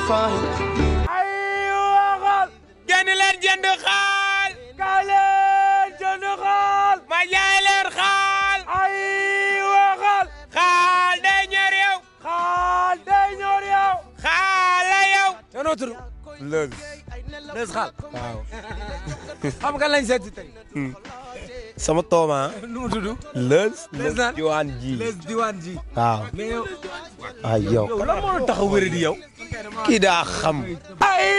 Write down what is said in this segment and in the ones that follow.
ay waxal. génn leen jënd xaal. kaay leen jënd xaal. ma jaay leen xaal. ay waxal. xaal day ñor yow. xaal day ñor yow. xaal la yow. te noo tudd. Leuz. Leuz xaal. waaw. xam nga lañ seeti tey. Hmm. sama tooma. nu mu tudd. Leuz. Leuz naan Leuz diwaan ji. Leuz diwaan ji. waaw. mais yow. ay yow lan moo tax a wéradi yow. kii daa xam ay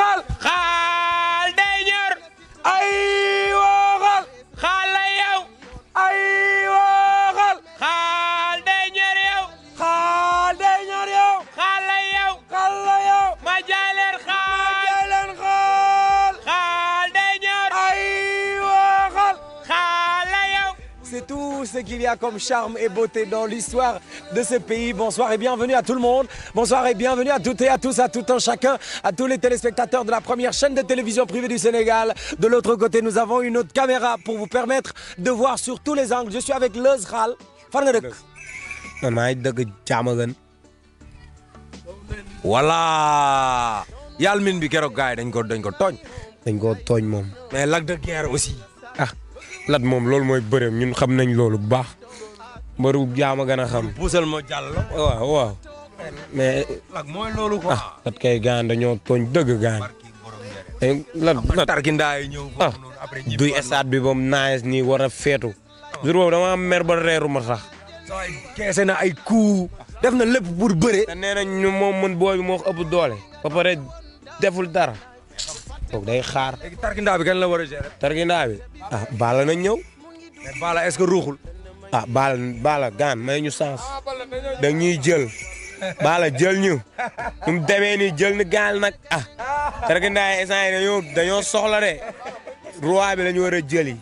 waxal xaal day ñor ay tout ce qu'il y a comme charme et beauté dans l'histoire de ce pays. Bonsoir et bienvenue à tout le monde. Bonsoir et bienvenue à toutes et à tous, à tout un chacun, à tous les téléspectateurs de la première chaîne de télévision privée du Sénégal. De l'autre côté, nous avons une autre caméra pour vous permettre de voir sur tous les angles. Je suis avec Leuz Khal. fan bi keroog gars dañ ko dañ ko tooñ. dañ ko tooñ moom. mais Lac de Guiers aussi ah. lat moom loolu mooy bëreem ñun xam nañ loolu bu baax mbëru jaama gën a xam. puusal moo jàll la. waaw waaw. mais. lat mooy loolu quoi. ah lat kay gaan dañoo tooñ dëgg gaan. Eh, yi ñëw. ah duy stade bi ba mu naaj nii war a feetu. jour boobu dama am mer ba reeru ma sax. keese na ay coups. def na lépp pour bëre. te nee nañ ñu moom mën booy moo ëpp doole. ba pare deful dara. kooku day xaar. léegi tarkindaa bi kan la war a gérer. tarkindaa bi ah Balla nañ ñëw. mais Balla est-ce que ruuxul. ah Balla Balla gaan may ñu sens dañuy jël Balla jël ñu nu mu demee nii jël ni gaal nag ah tarkindaa yi instant yi dañoo dañoo soxla de roi bi la ñu war a jëli.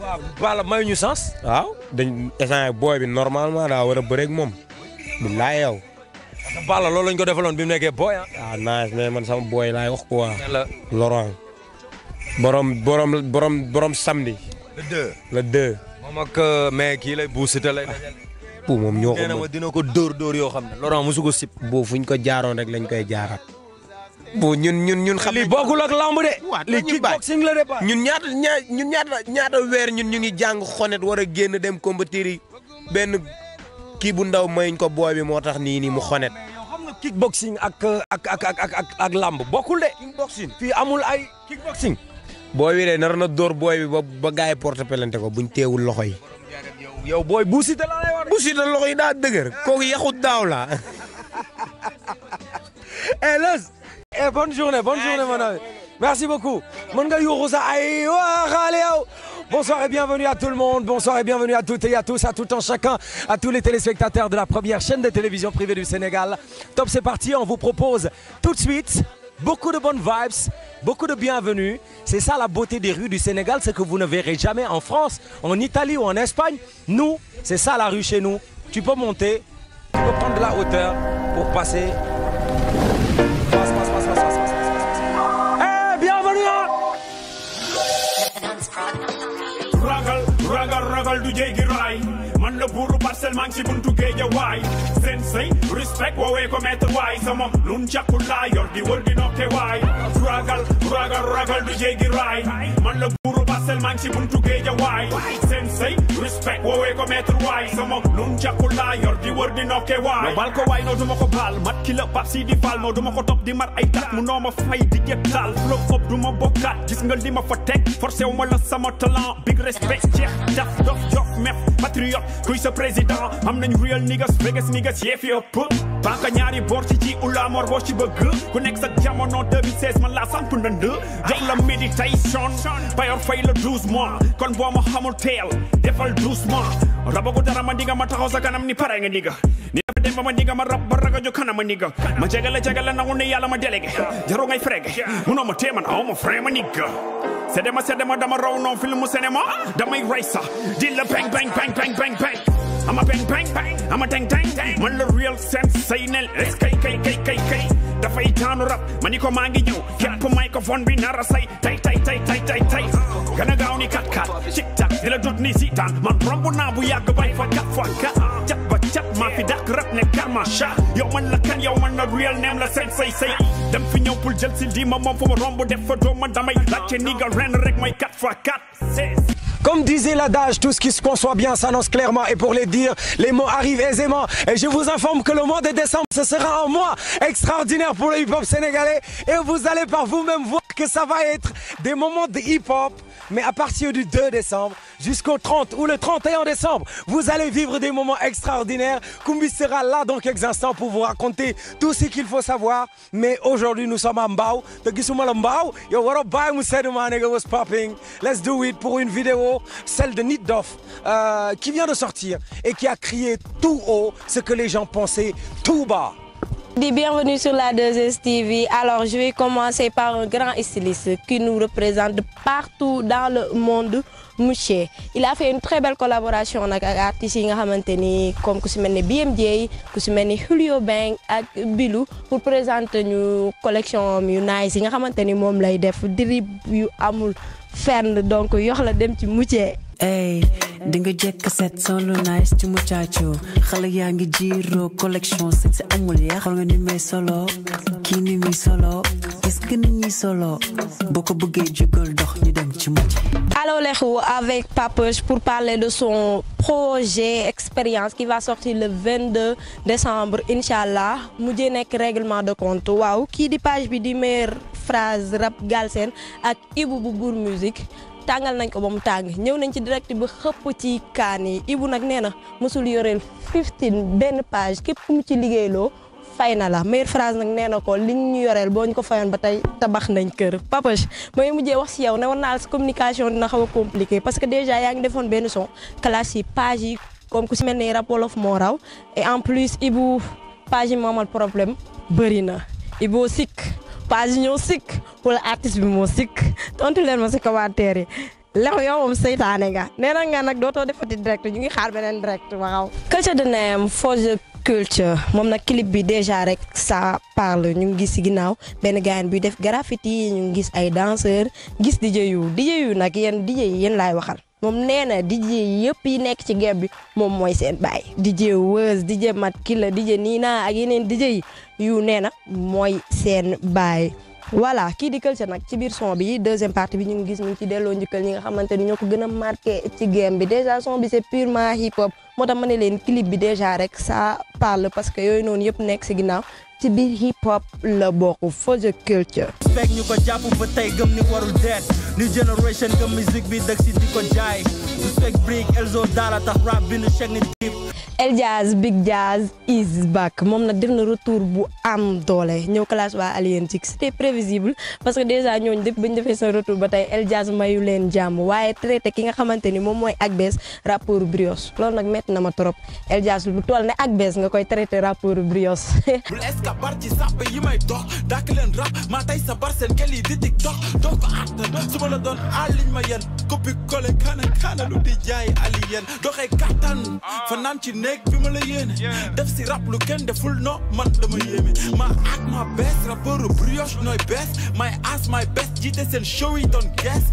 waaw Balla may ñu sens. waaw dañ instant booy bi normalement daa war a bëreeg moom billaay parce loolu lañ ko defaloon bi mu nekkee booy ah. waaw ah, naaj mais man sama booy laay wax quoi. Laurent borom borom borom borom samedi. le deux le deux. moom ak euh, mais kii lay buusite lay. moom ñoo dina ko dóor dóor yoo xam ne Laurent mosu ko sip. bu fuñ ko jaaroon rek lañ koy jaarat bu ñun ñun xa xam li bokkul ak lamb de. li kickboxing la de ñun ñaata weer ñun ñu ngi jàng xonet war a génn dem combattre yi benn. kii bu ndaw mayuñ ko booy bi moo tax nii nii mu xonet. kickboxing ak ak ak ak ak ak làmb bokkul de. kickboxing fii amul ay kickboxing. booy bi de nar na dóor booy bi ba ba gars yi porte pelante ko buñ teewu loxo yi. yow booy bu Siteu la lay war. bu Siteu loxo yi daa dëgër. kooku yàqu daaw la. eh Less. eh bonne journée bonne journée mon ami. merci beaucoup. mën nga yuuxu ay waa xaale yow. Bonsoir et bienvenue à tout le monde, bonsoir et bienvenue à toutes et à tous, à tout un chacun, à tous les téléspectateurs de la première chaîne de télévision privée du Sénégal. Top, c'est parti, on vous propose tout de suite beaucoup de bonnes vibes, beaucoup de bienvenue. C'est ça la beauté des rues du Sénégal, ce que vous ne verrez jamais en France, en Italie ou en Espagne. Nous, c'est ça la rue chez nous. Tu peux monter, tu de la hauteur pour passer jéegi raay man la buuru parcelle maa ngi ci buntu géeja waay seen say respect woowee ko maître waay sama lun càkkul laa yor di wër di nokke waay ragal ragal ragal du jéegi raay man la buuru parcelle maa ngi ci buntu géej a waay seen sëy respect woowee ko maître waay sama nun jàkku laa yor di wër di nokke waay no bal ko waay noo duma ko baal mat ki la pap si di baal noo duma ko topp di mar ay tat mu noo ma fay di jeptaal flop fop du ma bokkaat gis nga li ma fa teg forcé wu ma la sama talent big respect jeex daf dof jof mef patriote kuy sa président am nañ real niggas vegas niggas yeef yëpp banque ñaari boor ci ji ula mor boo ci bëgg ku nekk sa jamono 2016 man laa samp ndënd jox la méditation payor fay la 12 mois kon boo ma xamul teel defal doucement rabagu dara ma dinga ma taxaw sa kanam ni pare nga ni ga ni dafa dem ba ma dinga ma rab ba ragajo kanam ma ni ga ma jegale jegale nangu ne yàlla ma délégué jaroo ngay frégué munoo ma téeman aw ma frein ma ni sedema sedema dama raw non filmu cinéma damay ray sax di la bang bang bang ama bang bang bang ama teng teng man la real say es kay kay kay kay kay dafay taanu rap ma ni ko maa ngi ñëw képp microphone bi nara say tay tay tay tey tey tey gën a gaaw ni kat kat di la jot nii si daan man romb naa bu yàgg bay fa kat fa kat cat rap ne karmacha yow man la kan yow man la real neem la say say say Comme disait l'adage, tout ce qui se conçoit bien s'annonce clairement. Et pour les dire, les mots arrivent aisément. Et je vous informe que le mois de décembre, ce sera un mois extraordinaire pour le hip-hop sénégalais. Et vous allez par vous-même voir que ça va être des moments de hip-hop. Mais à partir du 2 décembre jusqu'au 30 ou le 31 décembre, vous allez vivre des moments extraordinaires. Koumbi sera là dans quelques instants pour vous raconter tout ce qu'il faut savoir. Mais aujourd'hui, nous sommes à Mbao. te gisuma la Mbao yow waroo bàyyi mu seetlu popping. Let's do pour une vidéo, celle de Nit euh, qui vient de sortir et qui a crié tout haut ce que les gens pensaient tout bas. bienvenue sur la 2STV. Alors, je vais commencer par un grand styliste qui nous représente partout dans le monde. Mouché. Il a fait une très belle collaboration avec les artistes comme BMJ, Julio Bang et Bilou pour présenter une collection nice. Nous avons fait une yu amul fenn donc yox la dem ci Mouché. ey dinga jekk set son lu nice ci muchacho xale yaa ngi jiiroo collection sexe amul yaa xool nga ni may solo kii ni solo gis nga solo boo ko buggee jugal dox ñu dem ci mucc Allo Lekhou avec Papeuche pour parler de son projet expérience qui va sortir le 22 décembre inchallah mujjee nekk réglement de compte waaw kii di page bi di meilleure phrase rap galsen ak Ibou bu Bour Musique tàngal nañ ko ba mu tàng ñëw nañ ci direct bi xëpp ci kaan ibu Ibou nag nee na mosul yoreel 15 benn page képp ku mu ci liggéeyloo fay na la meilleure phrase nag nee na ko liñ ñu yoreel boo ñu ko fayoon ba tey tabax nañ kër Papage mooy mujjee wax si yow na war naa la communication dina xaw a compliqué parce que déjà yaa ngi defoon benn son classe yi page yi comme ku si mel ni rap wolof moo raw et en plus Ibou page yi moomal problème bëri na Ibou sikk page ñoo sikk wala artiste bi moo sikk tontu leen ma si commentaire yi lex yow moom seytaane nga nee na nag dootoo defati direct ñu ngi xaar beneen direct waaw. culture de Nayem for the culture moom nag clip bi déjà rek sa parle ñu ngi gis si ginnaaw benn gaayan buy def graffiti ñu ngi gis ay danseur gis DJ yu DJ yu nag yéen DJ yi yéen laay waxal. moom nee na DJ yëpp yi nekk ci game bi moom mooy seen baay DJ Weuz DJ Mat Killa DJ Nina ak yeneen DJ yi yu nee na mooy seen baay. voilà kii di Culture nag ci biir son bi deuxième partie bi ñu ngi gis ñu ngi ci delloo njëkkal ñi nga xamante ni ñoo ko gën a marqué ci game bi déjà son bi c'est purement hip hop moo tax ma ne leen clip bi déjà rek ça parle parce que yooyu noonu yëpp nekk si ginnaaw ci biir hip hop la bokk Fodé culture. fekk ñu ko jàpp ba tey gëm ni warul deet new generation gëm musique bi dëkk si di ko jaay respect break Elzo Dara tax rap bi nu check ni trip. El Jazz Big Jazz is back moom nag def na retour bu am doole ñëw classe waa Alien Six c'était prévisible parce que déjà ñooñu depuis ba ñu defee seen retour ba tey El Jazz mayu leen jàmm waaye traité ki nga xamante ni moom mooy ak bees rappeur Brioche loolu nag métti na ma trop El Jazz lu toll ne Akbess nga koy traité rappeur Brioche. kabar ci sàppe yi may dox dàkk leen rap maa tey sa bar seen kel yi di tiktok doo ko la doon àlliñ ma yen coppi collé kaana kaana lu di jaay alien doxee kattan ah. fanaan ci néeg bi ma la def si rap lu kenn deful no man dama yéeme ma ak ma bees rappeuru brioche nooy bees may as may bees jiite seen show yi doon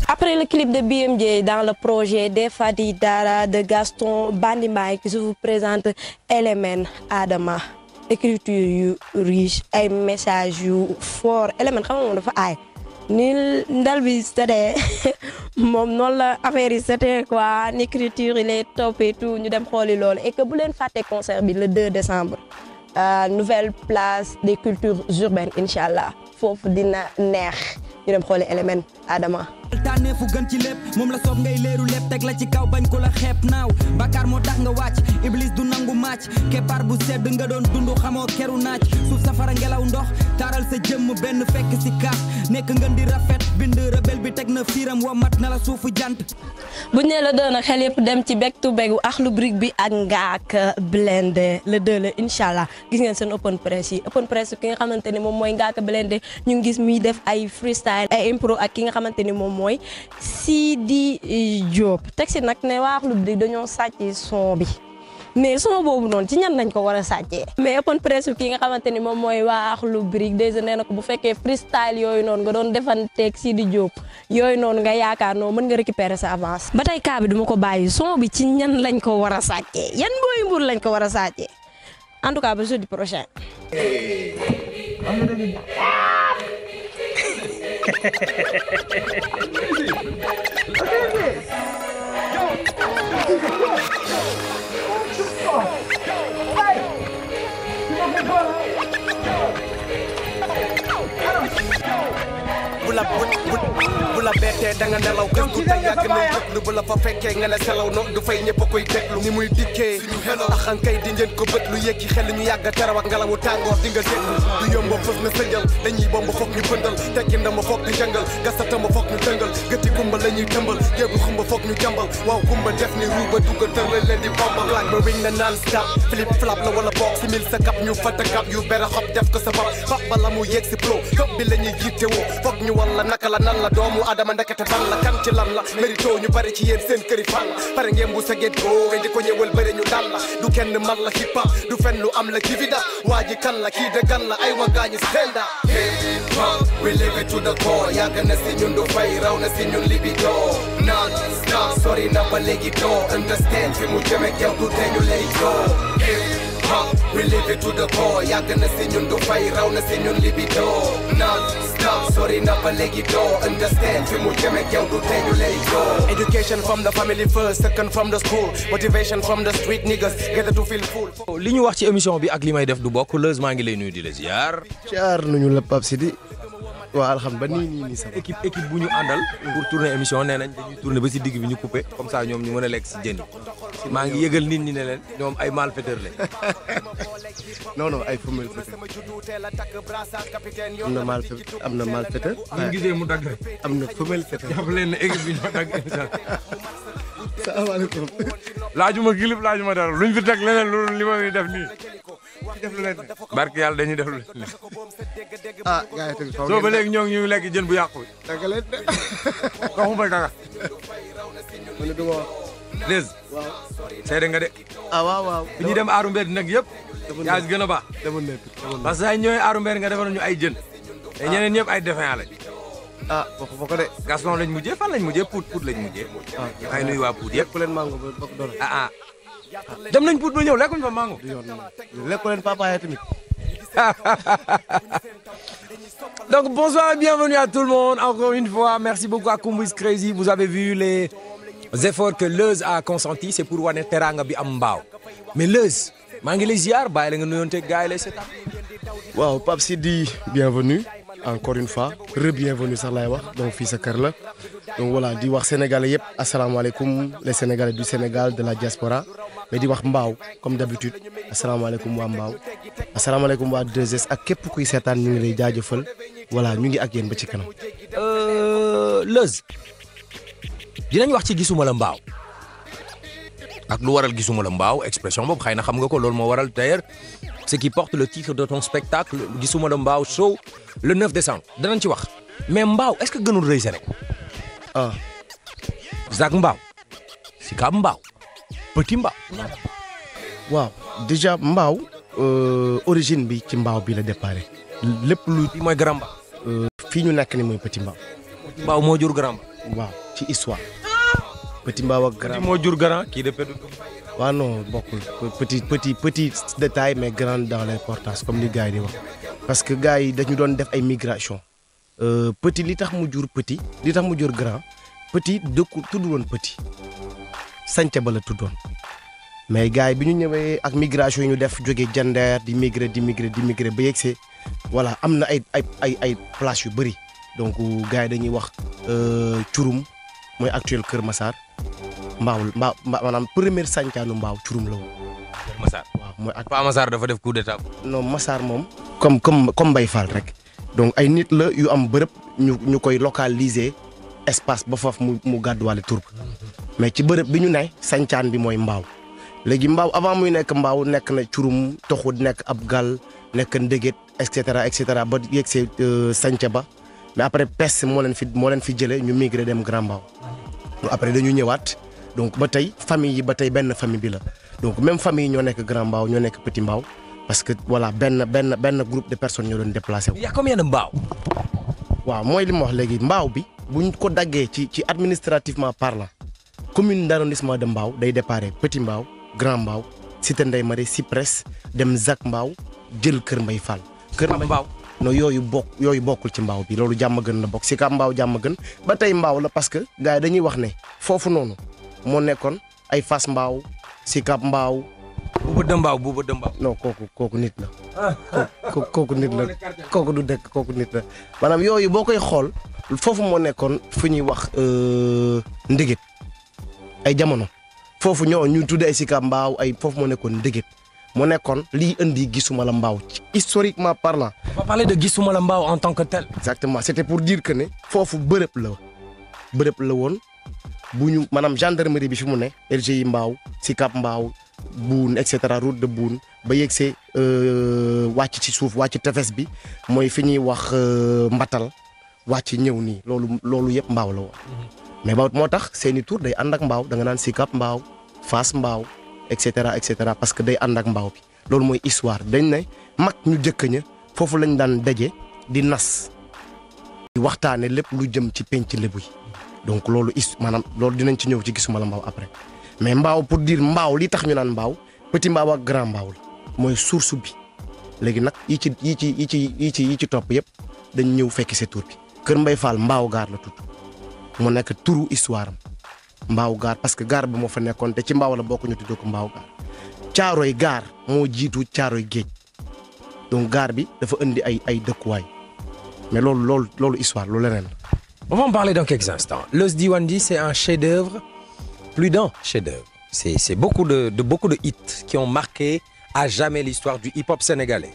après le clip de BMJ dans le projet des Fadi Dara de Gaston Bandimai je vous présente Element Adama écriture yu riche ay message yu foor élément xam nga moom dafa aay ni ndal bi moom noonu la affaire yi setee quoi ni écriture yi lay toppee ñu dem xooli lool et que bu leen fàtte concert bi le 2 décembre euh, nouvelle place des cultures urbaines incha allah foofu dina neex ñu dem xooli élément Adama tànnee fu gën ci lépp moom la soob ngay léeru lépp teg la ci kaw bañ ko la xeeb naaw bakkaar moo tax nga wàcc iblis du nangu màcc keppaar bu sedd nga doon dund xamoo keru naaj suuf safara ngelaw ndox taaral sa jëmm benn fekk si kaas nekk ngeen di rafet bind rebel bi teg na fiiram wa mat na la suufu jant buñ ne la doon xel yëpp dem ci beg tu begu axlu brique bi ak ngaak blende le deux la incha allah gis ngeen seen open press yi open press ki nga xamante ni moom mooy ngaak blende ñu ngi ki nga xamante ni moom mooy di Diop teg si nag ne waax club bi dañoo sàcc son bi mais son boobu noonu ci ñan lañ ko war a sàccee. mais open press kii nga xamante ni moom mooy waa club Brick déjà nee na ko bu fekkee freestyle yooyu noonu nga doon defanteeg di Diop yooyu noonu nga yaakaar noo mën nga récupérer sa avance. ba tey kaa bi duma ko bàyyi son bi ci ñan lañ ko war a sàccee yan mbooy mbur lañ ko war a sàccee en tout cas ba jeudi Easy. la bettee da nga nelaw gëstu te yàgg na déglu bu la fa fekkee nga ne selaw no du fay ñëpp a koy déglu ni muy dikkee axan kay di ngeen ko bët lu yëkki xel ñu yàgg a teraw ak ngelawu tàngoor di nga déglu du yomb fës na sëngal dañuy bomb foog ñu bëndal tekki ndama foog ñu jëngal gasatama foog ñu dëngal gëti kumba la tëmbal jéegu xumba foog ñu jàmbal waaw kumba def ni ruuba dugga tëral leen di bombal laaj ba wing na naan stop flip flap la wala boog simil sa kap ñu fata kap yu bere xob dama ndekete fan la kan ci lan la ñu bari ci yéen seen këri fan la pare ngeen bu saget góowe di ko ñëwal bëri ñu dal la du kenn man la hip du fen lu am la ci vida waa ji kan la kii dëggan la ay wagaañu stand da hip hop we live it to the core na si ñun du fay raw na si ñun libido non stop sori na ba léegi doo understand fi mu jëme kew du teñu lay doo we live it to the core yàgg na si ñun du fay raw na si ñun li bi doo non stop sori na ba léegi doo understand fi mu jëmee yow du tey ñu doo education from the family first second from the school motivation from the street niggas get to feel full li ñu wax ci émission bi ak li may def du bokk Leuz maa ngi lay nuyu di la ziar. ziar nuñu la Pape Sidi. waaw alhamdulilah ba nii nii nii sama équipe équipe bu ñu àndal. pour tourner émission nee nañ dañuy tourner ba si digg bi ñu coupé comme ça ñoom ñu mën a lekk si jën maa ngi yëgal nit ñi ne leen ñoom ay malfaiteur lañ. non ay femelle faiteur. am na malfaiteur am na malfaiteur. waaw ñu gisee mu dagg rek. am na femelle faiteur. jàpp laajuma kilib laajuma dara luñ fi teg leneen loolu li ma def nii. def lu leen ne barke yàlla dañuy def lu leen ne. ah gars yi tamit soo ba léegi ñoo ngi ñu lekk jën bu yàqu. de. waxuma dara. ma ne du ma wax. Liz. waaw. seede nga de. ah waaw waaw. bi ñuy dem nag yëpp. yaa ngi gën a baax. demoon nañ parce que ay ñooy aaru mbedd nga defal ñu ay jën. te ah. ñeneen ñëpp ay défense lañ. ah waxu ko de. Gaston lañ mujjee fan lañ mujjee Pout Pout lañ mujjee. ah xëy na nuyu waa Pout yëpp. dem nañ buut ba ñëw lekkuñ fa mango. lekku leen papaya tamit. Donc bonsoir et bienvenue à tout le monde. Encore une fois, merci beaucoup à Kumbis Crazy. Vous avez vu les efforts que Leuz a consentis, c'est pour wane teranga bi am mbaaw. Mais Leuz, maa ngi lay ziar bàyyi la nga nuyonte gars yi lay seetaan. Waaw Pape Sidi, bienvenue encore une fois. Re-bienvenue sax laay wax. Donc fii sa kër la. donc di wax sénégalais yëpp asalaamaaleykum les sénégalais du Sénégal de la diaspora mais di wax mbaaw comme d'habitude asalaamaaleykum waa mbaaw asalaamaaleykum waa 2S ak képp kuy seetaan ñu ngi lay jaajëfal voilà ñu ngi ak yéen ba ci kanam. Euh, Leuz dinañ wax ci gisuma la mbaaw ak lu waral gisuma la mbaaw expression boobu xay na xam nga ko loolu moo waral d'ailleurs ce qui porte le titre de ton spectacle gisuma la mbaaw show le 9 décembre danañ ci wax mais mbaaw est-ce que gënul réussir rek. Uh. Zac Mbao Sicap Mbao Petit Mbao waaw déjà Mbao euh, origine bi ci mbaaw bi la déparé lépp lu fii mooy Grand Mbao fii ñu nekk ni mooy Petit Mbao Petit Mbao moo jur Grand Mbao waaw ci histoire Petit Mbao ak Grand moo jur Grand kii de Petit waaw non bokkul petit petit petit détail mais grand dans l'importance comme ni gars yi wax parce que gars yi dañu doon def ay migration Euh, petit li tax mu jur petit li tax mu jur grand petit dëkku tudd woon petit sànce ba la tuddoon mais gars yi bi ñu ñëwee ak migration yi ñu def jógee jandeer di migré di migré di migré ba yegsee voilà am na ay ay ay ay yu bëri donc gars yi dañuy wax curum euh, mooy actuel Kër Massar mbaaw mbaaw maanaam première sàncaanu mbaaw curum la woon. Kër Massar waaw mooy. ak Pa Massar dafa def coup d'état. non Massar moom. comme comme comme Mbaye Fall rek. donc ay nit la yu am bërëb ñu ñu koy localiser espace ba faf mu mu gàdduwaale tur mais ci bërëb bi ñu ne sancaan bi mooy mbaaw léegi mbaaw avant muy nekk mbaaw nekk na curum toxu nekk ab gal nekk ndégét et cetera et cetera ba yegg see euh, sanca ba mais après pes moo leen fi moo leen fi jëlee ñu migré dem Grand Mbao après dañu ñëwaat donc ba tey famille yi ba tey benn famille bi la donc même famille ñoo nekk Grand Mbao ñoo nekk Petit Mbao parce que voilà benn benn benn groupe de personnes ñoo doon déplacé wu. y a mbaaw. waaw mooy li ma wax léegi mbaaw bi. bu ñu ko daggee ci ci administrativement parlant commune d'arrondissement de Mbao day déparé Petit Mbao Grand Mbao Cité Ndeye Marie Cyprès dem Zac Mbao jël Kër Mbay Fall. Kër Mbao non yooyu bokk yooyu bokkul ci Mbao bi loolu jàmm gën la bokk si ka Mbao jàmm gën ba tey mbaaw la parce que gars dañuy wax ne foofu noonu moo nekkoon ay fas Mbao si ka Bouba Dëmbaaw Bouba Dëmbaaw. non kooku kooku nit la. Ah. kooku kooku nit la kooku du dekk kooku nit la maanaam yooyu boo koy xool foofu moo nekkoon fu ñuy wax euh, ndigit ay jamono foofu ñoo ñu tuddee ay Sika mbaaw ay foofu moo nekkoon ndigit moo nekkoon liy indi gisuma la mbaaw ci historiquement parlant. on gisuma la mbaaw en tant que tel. exactement c'était pour dire que ne foofu bërëb la bërëb la woon bu ñu maanaam gendarmerie bi fi mu ne. LGI mbaaw Sika mbaaw. buun et cetera route de buun ba yegg see euh, wàcc ci suuf wàcc tefes bi mooy fi ñuy wax euh, mbatal wàcc ñëw nii loolu loolu yëpp mbaaw la woon. Mm-hmm. mais ba moo tax seen i tur day ànd ak mbaaw danga nga naan Sicap mbaaw Fass mbaaw et cetera et cetera parce que day ànd ak mbaaw bi loolu mooy histoire dañ ne mag ñu jëkk ña foofu lañ daan daje di nas di waxtaane lépp lu jëm ci penc lébu yi donc loolu is maanaam loolu dinañ ci ñëw ci gisuma la mbaaw après. mais mbaaw pour dire mbaaw li tax ñu naan mbaaw petit mbaaw ak grand mbaaw la mooy source bi léegi nag yi ci yi ci yi ci yi ci yi ci topp yëpp dañ ñëw fekki sa tur bi Kër Mbay Fall mbaaw gaar la tudd mu nekk turu histoire am mbaaw gaar parce que gaar bi moo fa nekkoon te ci mbaaw la bokk ñu tuddee ko mbaaw gaar caaroy gaar moo jiitu caaroy géej donc gaar bi dafa indi ay ay dëkkuwaay mais loolu loolu loolu histoire lu leneen la. plus d'un chef-d'œuvre. C'est beaucoup de, de, de hits qui ont marqué à jamais l'histoire du hip-hop sénégalais.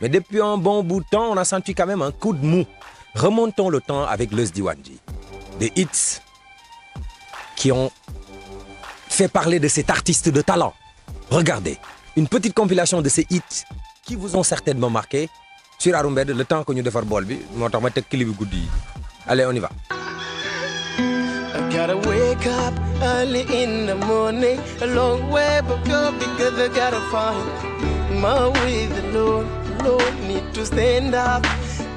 Mais depuis un bon bout temps, on a senti quand même un coup de mou. Remontons le temps avec Leus Diwanji. Des hits qui ont fait parler de cet artiste de talent. Regardez, une petite compilation de ces hits qui vous ont certainement marqué sur Arumbed, le temps que nous devons faire bol. Allez, on y va. Gotta wake up early in the morning. A way but go because I gotta find my way. The need to stand up.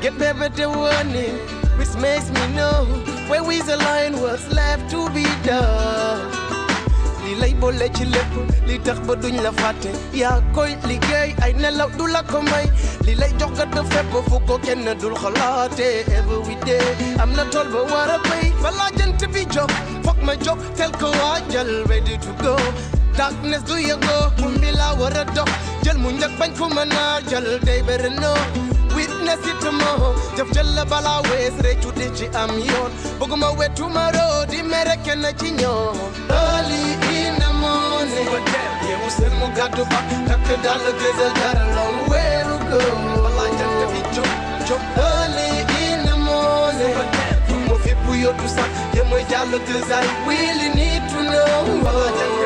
Get better warning, which makes me know where is the line, what's left to be done. li lay boole ci lépp li tax ba duñ la fàtte yaa koy liggéey ay nelaw du la ko may li lay jox kat fépp fu ko dul xalaate every day am na tool ba war a béy balaa jant bi ma jóg tel ko waajal ready to go darkness du yëgoo mun bi laa war a dox mu njëkk fu mën a jël day bëri noo witness it tomorrow jëf la balaa wees réccu di ci am yoon bëgguma wetu ma roo di mere kenn ci ñoom ba dem mu gàddu ba takk dàll gëzal dara loolu weeru gëm balaa jant bi jóg jóg early in the morning ma fi bu yóotu sax yemay jàll gëzal we really need to know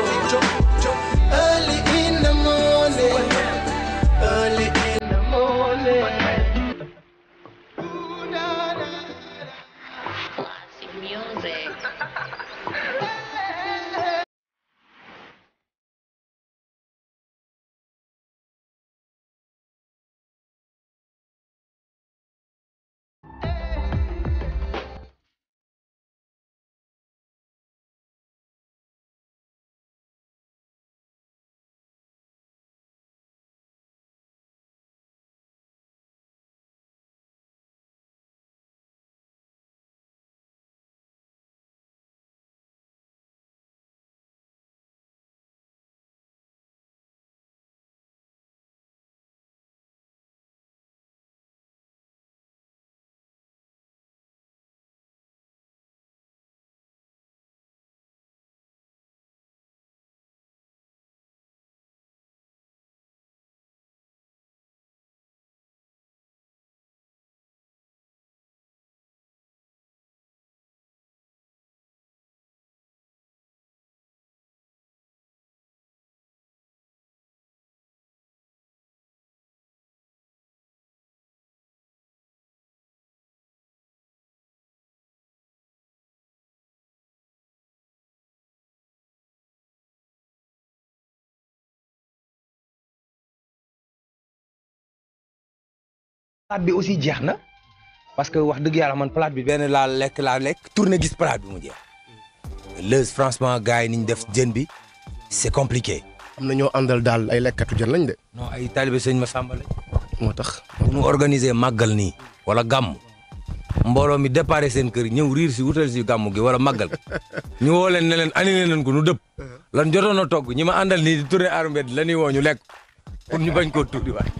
palaat bi aussi jeex na parce que wax dëgg yàlla man palaat bi benn laa lekk laa lekk tourné gis palaat bi mu jeex. Leuz franchement gars yi ni def jën bi c'est compliqué. am na ñoo àndal daal ay lekkatu jën lañ de. non ay taalibe sëñ ma sàmbale moo tax mu organiser màggal nii wala gàmm mbooloo mi déparé seen kër ñëw riir si wutal gàmm gi wala màggal ñu woo leen ne leen annulé nañ ko nu dëpp lan jotoon no togg ñi ma àndal nii di tourné armbet la ñuy woo ñu lekk pour ñu bañ koo di waay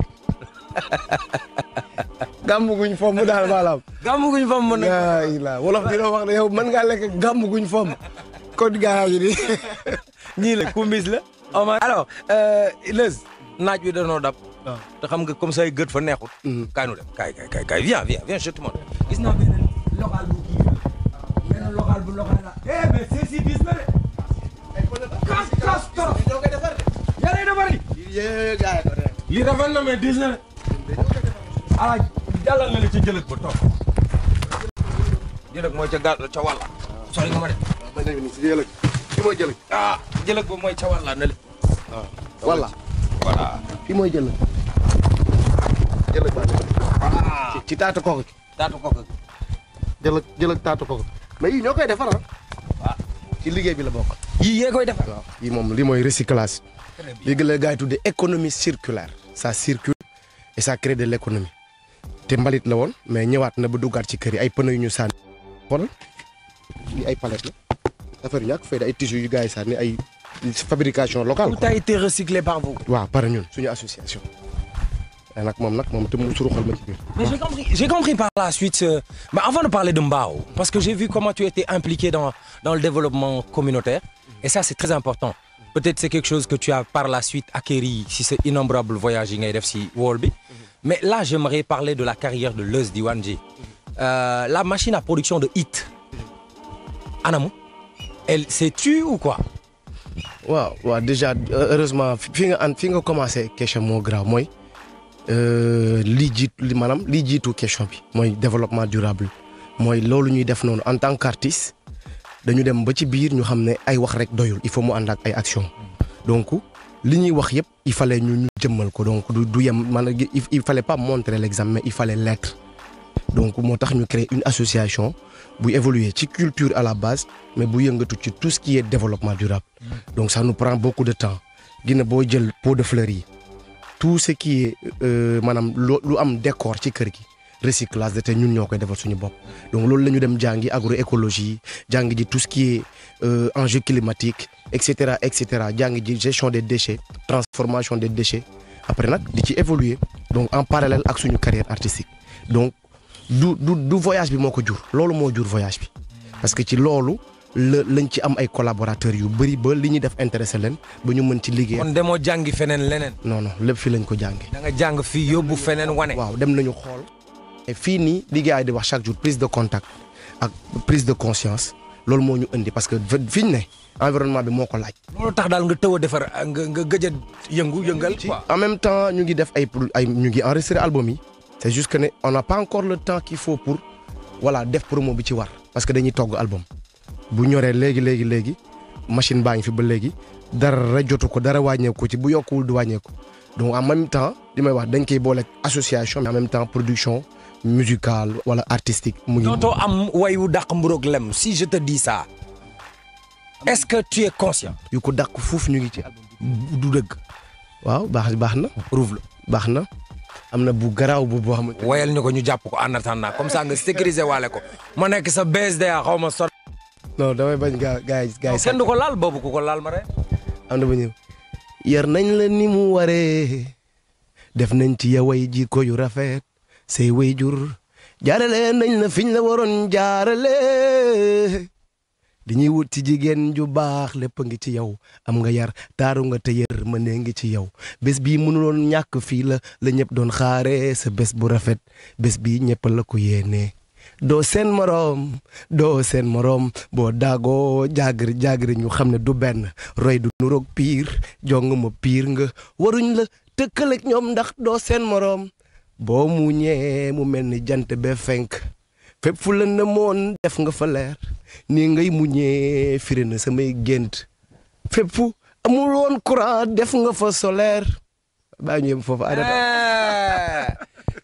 gàmm guñ fomm daal maanaam. gàmm guñ fomm nag. yaa wolof bi la wax ne yow mën ngaa lekk gàmm guñ fomm. code gars yi di ñii la kumbis la. Omar alors euh, Leuz naaj wi danoo dab. Ah. te xam nga comme say gët fa neexut. Mm-hmm. kaay nu dem kaay kaay kaay kaay viens viens viens je te montre. gis naa benn local bu kii benn local bu local la. eh mais c'est si bis na de. catastrophe. yàlla yi dafa rëy. lii rafet na mais dis na de. alaaj dalal na ci jëlëg bo toog jëlëg mooy ca gàll ca wàlla sori fi mooy jëlëg ah jëlëg ba mooy ci taatu kooku ci taatu taatu kooku mais yii ñoo koy defar ah. waaw ci liggéey bi la bokk yii yee koy defar yii moom li mooy recyclage léegi la gars yi tuddee économie circulaire ça circule et ça crée de l'économie te mbalit la woon mais ñëwaat na ba duggaat ci kër yi ay pneu yu ñu sànni. xoolal li ay palette la affaire yu ñàkk fay ay tissus yu gars yi ay fabrication locale. tout a été recyclé par vous. waaw par ñun suñu association. nag moom nag moom te mu suruxal ma ci compris par la suite mais euh, avant de parler de Mbao parce que j'ai vu comment tu étais impliqué dans le développement communautaire et ça c'est très important peut-être c'est quelque chose que tu Mais là, j'aimerais parler de la carrière de Leuz Diwanji. Euh, la machine à production de hits. Anamou, elle s'est tue ou quoi waaw waaw déjà heureusement fi nga an fi nga commencé question moo grave mooy euh, lii jiitu li maanaam lii jiitu question bi mooy développement durable mooy loolu ñuy def noonu en tant qu'artiste dañu dem ba ci biir ñu xam ne ay wax rek doyul il faut mu ànd ak ay action li ñuy wax yëpp il fallait ñu ñu jëmmal ko donc du du yem maanaam il fallait pas montrer l'examen mais il fallait donc moo tax ñu créer une association bu évoluer ci culture à la base mais bu yëngatu ci tout ce qui est développement durable donc ça nous prend beaucoup de temps gina boo jël pot de fleurs yi tout ce qui e maanaam lu am décor ci kër gi recyclage de te ñun ñoo koy defal suñu bopp donc loolu la ñu dem jàngi écologie jàngi ji tout ce qui est euh, enjeu climatique et cetera et cetera jàng ji gestion des déchets transformation des déchets après nag di ci évoluer donc en parallèle ak suñu carrière artistique donc du du du voyage bi moo ko jur loolu moo jur voyage bi parce que ci loolu la lañ ci am ay collaborateurs yu bëri ba li ñuy def intéressé leen ba ñu mën ci liggéey. kon demoo jàngi feneen leneen. non non lépp fii lañ ko jàngi. da nga jàng fii yóbbu feneen wane. waaw dem nañu xool. fii nii liggéey di wax chaque jour prise de contact ak prise de conscience loolu moo ñu indi parce que fi ñu ne. environnement bi moo ko laaj. moo tax daal nga tëw a defar nga nga gëj a yëngu yëngal. en même temps ñu ngi def ay ay ñu ngi enregistré album yi. c' est juste que ne on n'a pas encore le temps qu'il faut pour voilà def promo bi ci war. parce que dañuy togg album bu ñoree léegi léegi léegi machine baa ngi fi ba léegi dara jotu ko dara wàññeeku ci bu yokkuwul du wàññeeku donc en même temps li may wax dañ koy boole association. en même temps production musicale wala artistique. mu ngi dootoo am wayu dàq mburoog lem si te dis ça. est-ce que tu es conscient. yu ko dàq fuuf ñu ngi ci du dëgg. waaw baax baax na. ruuf la baax na. am na bu garaaw bu boo xamante wayal ñu ko ñu jàpp ko en attendant comme ça nga sécuriser waale ko. ma nekk sa BSDA xaw ma sor. non damay bañ gaa gaa yi gaa ko laal boobu ku ko laal ma rek. am na ba ñëw. yar nañ la ni mu waree. def nañ ci yaway jikko yu rafet. say way jur. jaarale nañ la fiñ la waroon jaarale. dañuy wut ci jigéen ju baax lépp ngi ci yow am nga yar taaru nga te yër mëne ngi ci yow bés bii mënuloon ñàkk fii la la ñëpp doon xaare sa bés bu rafet bés bii ñëpp la ko yéenee doo seen moroom doo seen moroom boo daagoo jaagir jaagir ñu xam ne du benn roy du nuroog piir jong ma piir nga waruñ la tëkkaleeg ñoom ndax doo seen moroom boo mu ñee mu mel ni jant be fenk fépp fu la namoon def nga fa leer nii ngay muñee firi na samay gént fépp amul woon courant def nga fa soleer baa ñu yem foofu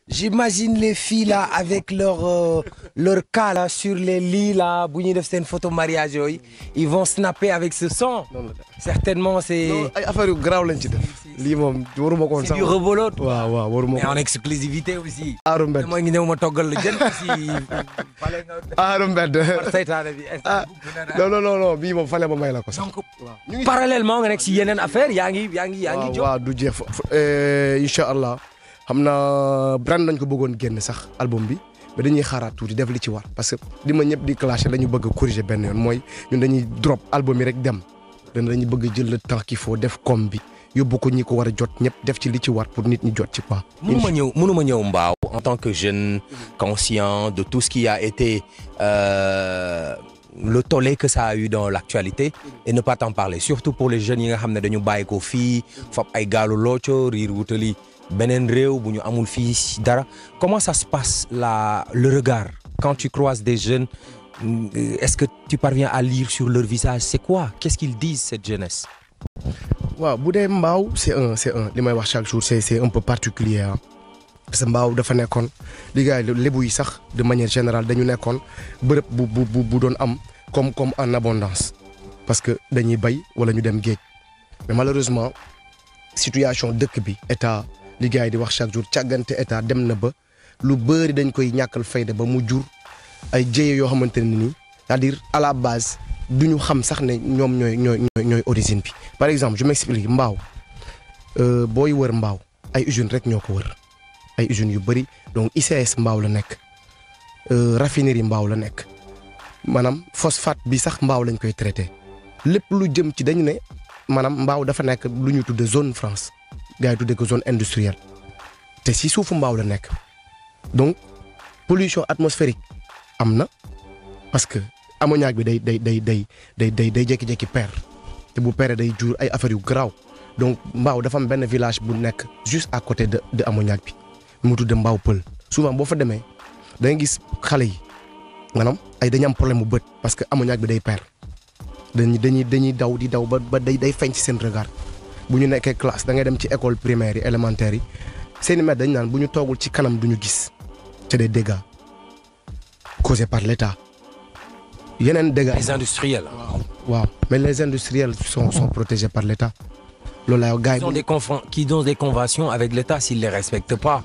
j'imagine les filles là avec leur ka euh, leur cas là sur les lits là bu ñuy def seen photo mariage yooy ils vont snapper avec ce son. certainement c'est affaire yu garaaw lañ ci def. lii moom waruma ko woon sax. c'est du rebelote. waaw waaw waruma ko mais en exclusivité aussi. aaru mbedd mooy ngi ñëw ma toggal la jën aussi. aaru mbedd. saytaane bi ah, non non non bii moom fale ma may la ko sax. donc parallèlement nga nekk si yeneen affaire yaa ngi yaa ngi yaa ngi. waaw waaw du jeex fa. Eh, incha allah. xam naa brand nañ ko bëggoon génn sax album bi mais dañuy xaaraat tuuti def li ci war parce que li ma ñëpp di clasher la ñu bëgg a corriger yoon mooy ñun dañuy drop album yi rek dem dañu bëgg jël le temps qu'il faut def com bi yóbbu ko ñi ko war a jot ñëpp def ci li ci war pour nit ñi jot ci quoi. mënuma ñëw mënuma ñëw mbaaw en tant que jeune conscient de tout ce qui a été euh, le tollé que ça a eu dans l'actualité et ne pas t'en parler surtout pour les jeunes yi nga xam ne dañu bàyyi ko fii fab ay gaalu looco riir wutali beneen réew bu ñu amul fii dara comment ça se passe la le regard quand tu croises des jeunes euh, est-ce que tu parviens à lire sur leur visage c'est quoi que ce qu'ils disent cette jeunesse waaw bu dee mbaaw c'est un c'est un li may wax chaque jour c'est c'est un peu particulier parce que mbaaw dafa nekkoon li gars yi lébu sax de manière générale dañu nekkoon bërëb bu bu doon am comme comme en abondance parce que dañuy bay wala ñu dem géej mais malheureusement situation dëkk bi état li yi di wax chaque jour càggante état dem na ba lu bëri dañ koy ñàkkal fayda ba mu jur ay jéye yoo xamante ne nii à dire à la base du ñu xam sax ne ñoom ñooy ñooy ñooy origine bi par exemple je m'explique mbaaw euh, booy wër mbaaw ay usines rek ñoo ko wër ay usines yu bëri donc ICS mbaaw la nekk euh, raffinerie mbaaw la nekk maanaam phosphate bi sax mbaaw lañ koy traité lépp lu jëm ci dañ ne maanaam mbaaw dafa nekk lu ñu tudde zone France gars yi tuddee ko zone industrielle te si suufu mbaaw la nekk donc pollution atmosphérique am na parce que ammoniac bi day day day day day day day jékki-jékki te bu peree day jur ay affaires yu garaaw donc mbaaw dafa benn village bu nekk juste à côté de de bi mu tudd mbaaw pël souvent boo fa demee da nga gis xale yi maanaam ay dañu am problème mu bët parce que ammoniac bi day per dañuy dañuy dañuy daw di daw ba ba day day feeñ ci seen regard bu ñu nekkee classe da ngay dem ci école primaire yi élémentaire yi seeni maître dañ naan bu ñu toogul ci kanam du ñu gis c'est des dégâts causés par l'État yeneen dégâts. les industriels. waaw mais les industriels sont sont protégés par l'État loolu laa gars yi. des confront qui ont des conventions avec l'État s'ils les respectent pas.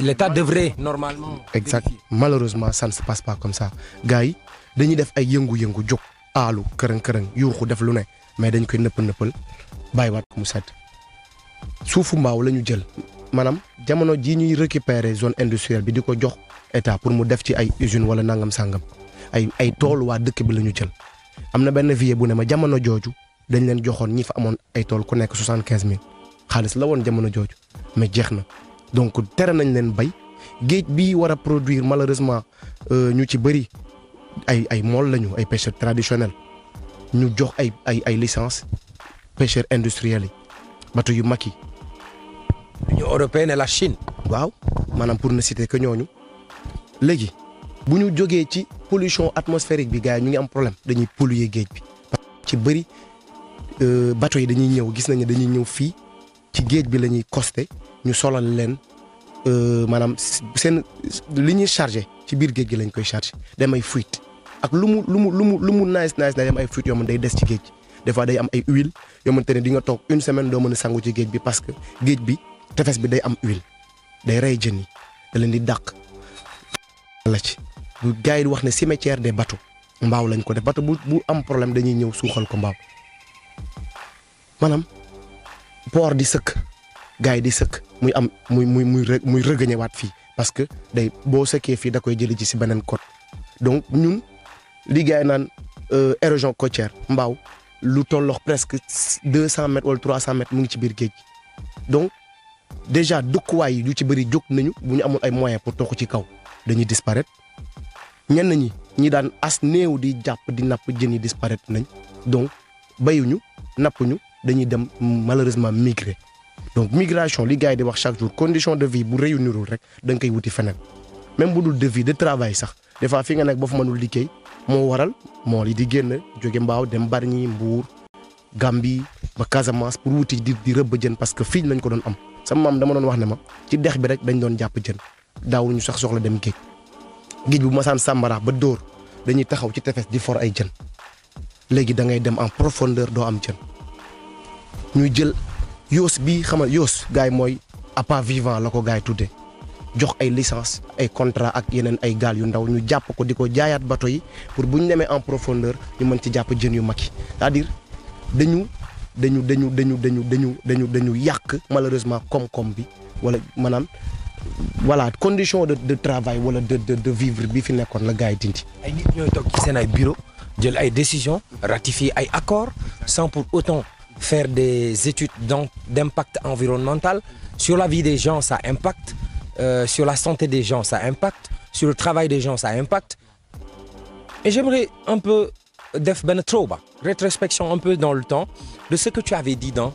l'État devrait normalement. exact malheureusement ça ne se passe pas comme ça gars yi dañuy def ay yëngu-yëngu jóg aalu kërën kërën yuuxu def lu ne mais dañ koy nëpp nëppal. bàyyiwaat ko mu sedd suufu mbaaw la ñu jël maanaam jamono ji ñuy récupérer zone industrielle bi di ko jox état pour mu def ci ay usine wala nangam sàngam ay ay tool waa dëkk bi la ñu jël am na benn vie bu ne ma jamono jooju dañ leen joxoon ñi fa amoon ay tool ku nekk soixante quinze mille xaalis la woon jamono jooju mais jeex na donc tere nañ leen bay géej bi war a produire malheureusement euh, ñu ci bëri ay ay mool lañu ay pêcheurs traditionnels ñu jox ay ay ay licence pêcheurs industriels yi bateau yu mag yi. l'Union la Chine. waaw maanaam pour ne citer que ñooñu léegi bu ñu jógee ci pollution atmosphérique bi gars yi ñu ngi am problème dañuy polluer géej bi. ci bëri euh, bateau yi dañuy ñëw gis nañu dañuy ñëw fii ci géej bi la ñuy costé ñu solal leen euh, maanaam seen li ñuy chargé ci biir géej gi lañ koy chargé dem ay fuite ak lu mu lu mu lu mu lu mu nice nice day ay fuite yoo day des ci géej gi des fois day am ay huile yoo xamante ne di nga toog une semaine doo mën a sangu ci géej bi parce que géej bi tefes bi day am huile day rey jën yi da leen di dàq la ci bu gars wax ne cimetière des bateaux mbaaw lañ ko def bateau bu bu am problème dañuy ñëw suuxal ko mbaaw maanaam port di sëkk gars yi di sëkk muy am muy muy muy muy rëgëñewaat fii parce que day boo sëkkee fii da koy jëli ci si beneen côte donc ñun li gars yi naan euh, érosion côtière mbaaw lu tollox presque deux cent mètres wala trois cent mètres mu ngi ci biir géej donc déjà dëkkuwaay yi yu ci bëri jóg nañu bu ñu amul ay moyen pour toog ci kaw dañuy disparaître ñenn ñi ñi daan as néew di jàpp di napp jën yi disparaître nañ donc bayu ñu bayuñu ñu dañuy dem malheureusement migrer donc migration li gars yi di wax chaque jour condition de vie bu réunirul rek da nga koy wuti feneen même bu dul de vie de travail sax des fois fi nga nekk ba fa mënul liggéey moo waral moo yi di génn jóge mbaaw dem Bargny Mbour Gambie ba Casamance pour wuti di di rëbb jën parce que fii lañ ko doon am sama maam dama doon wax ne ma ci dex bi rek dañ doon jàpp jën daawuñu sax soxla dem géej géej bu masaan sàmbaraax ba dóor dañuy taxaw ci tefes di for ay jën léegi da ngay dem en profondeur doo am jën ñuy jël yoos bi xamal yoos gaay mooy appât vivant la ko gaay tuddee jox ay licence ay contrat ak yeneen ay gaal yu ndaw ñu jàpp ko di ko jaayaat bato yi pour bu ñu demee en profondeur ñu mën ci jàpp jën yu mag yi c'est-à-dire dañu dañu dañu dañu dañu dañu dañu dañu yàq malheureusement koom bi wala maanaam voilà condition de de travail wala de de de vivre bi fi nekkoon la gars yi dindi. ay nit ñooy toog ci seen ay bureau jël ay décisions ratifier ay accords sans pour autant faire des études donc d'impact environnemental sur la vie des gens ça impacte. euh, sur la santé des gens, ça impacte. Sur le travail des gens, ça impacte. Et j'aimerais un peu def ben trouba, rétrospection un peu dans le temps de ce que tu avais dit dans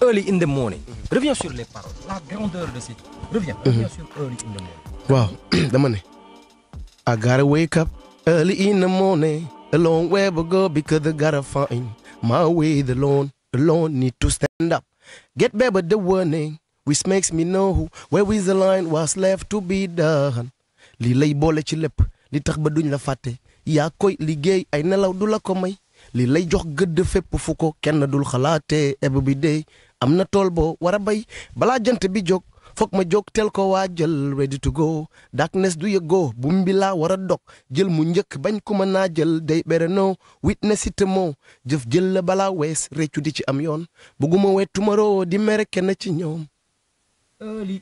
Early in the Morning. Reviens sur les paroles, la grandeur de ces trucs. Reviens, mhm. reviens sur Early in the Morning. Wow, dama ne. I gotta wake up early in the morning. A long way to go because I gotta find my way. The lone, the lone need to stand up. Get back with the warning. which makes mi know where is the line was left to be lay boole ci lépp li tax ba duñ la fàtte yaa koy liggéey ay nelaw du la ko may lii lay jox gëdd fépp fu ko kenn dul xalaate ebb bi dee am na tool boo war a bay balaa jant bi jóg foog ma jóg tel ko waajal ready to go darkness du yëgoo bu mbi war a dog jël mu njëkk bañ ku ma naa jël day bere no witness it moo jëf jël la balaa wees réccu di ci am yoon bugguma wet tomorrow di mere kenn ci ñoom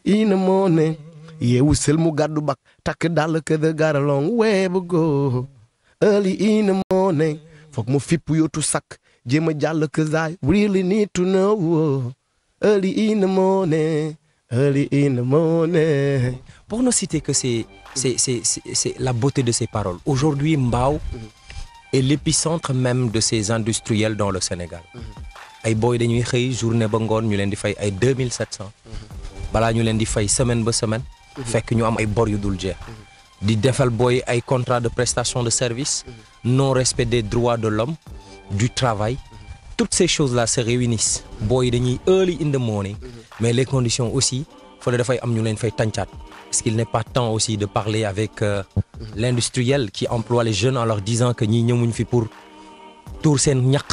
in the morning yeewu sël mu gàddu bak takk dàll kë the garalong web go early in the morning mu fipp yootu sakk jéem a jàll kë zaay really need to know early in the morning early in the morning pour ne citer c'est la beauté de ces paroles aujourd'hui Mbao est l'épicentre même de ces industriels dans le Sénégal mm-hmm. ay booy dañuy xëy journée ba ngoon ñu leen di fay ay deux mille sept cents mm-hmm. balaa ñu leen di fay semaine ba semaine. Mhm. fekk ñu am ay bor yu dul jeex. Mhm. di defal booy ay contrat de prestation de service. Mhm. non respect des droits de l'homme du travail. toutes ces choses là se réunissent. booy dañuy early in mais les conditions aussi fële dafay am ñu leen fay tàncaat. parce qu'il n'est pas temps aussi de parler avec euh, l'industriel qui emploie les jeunes en leur disant que ñii ñëmuñ fi pour tour seen ñaq.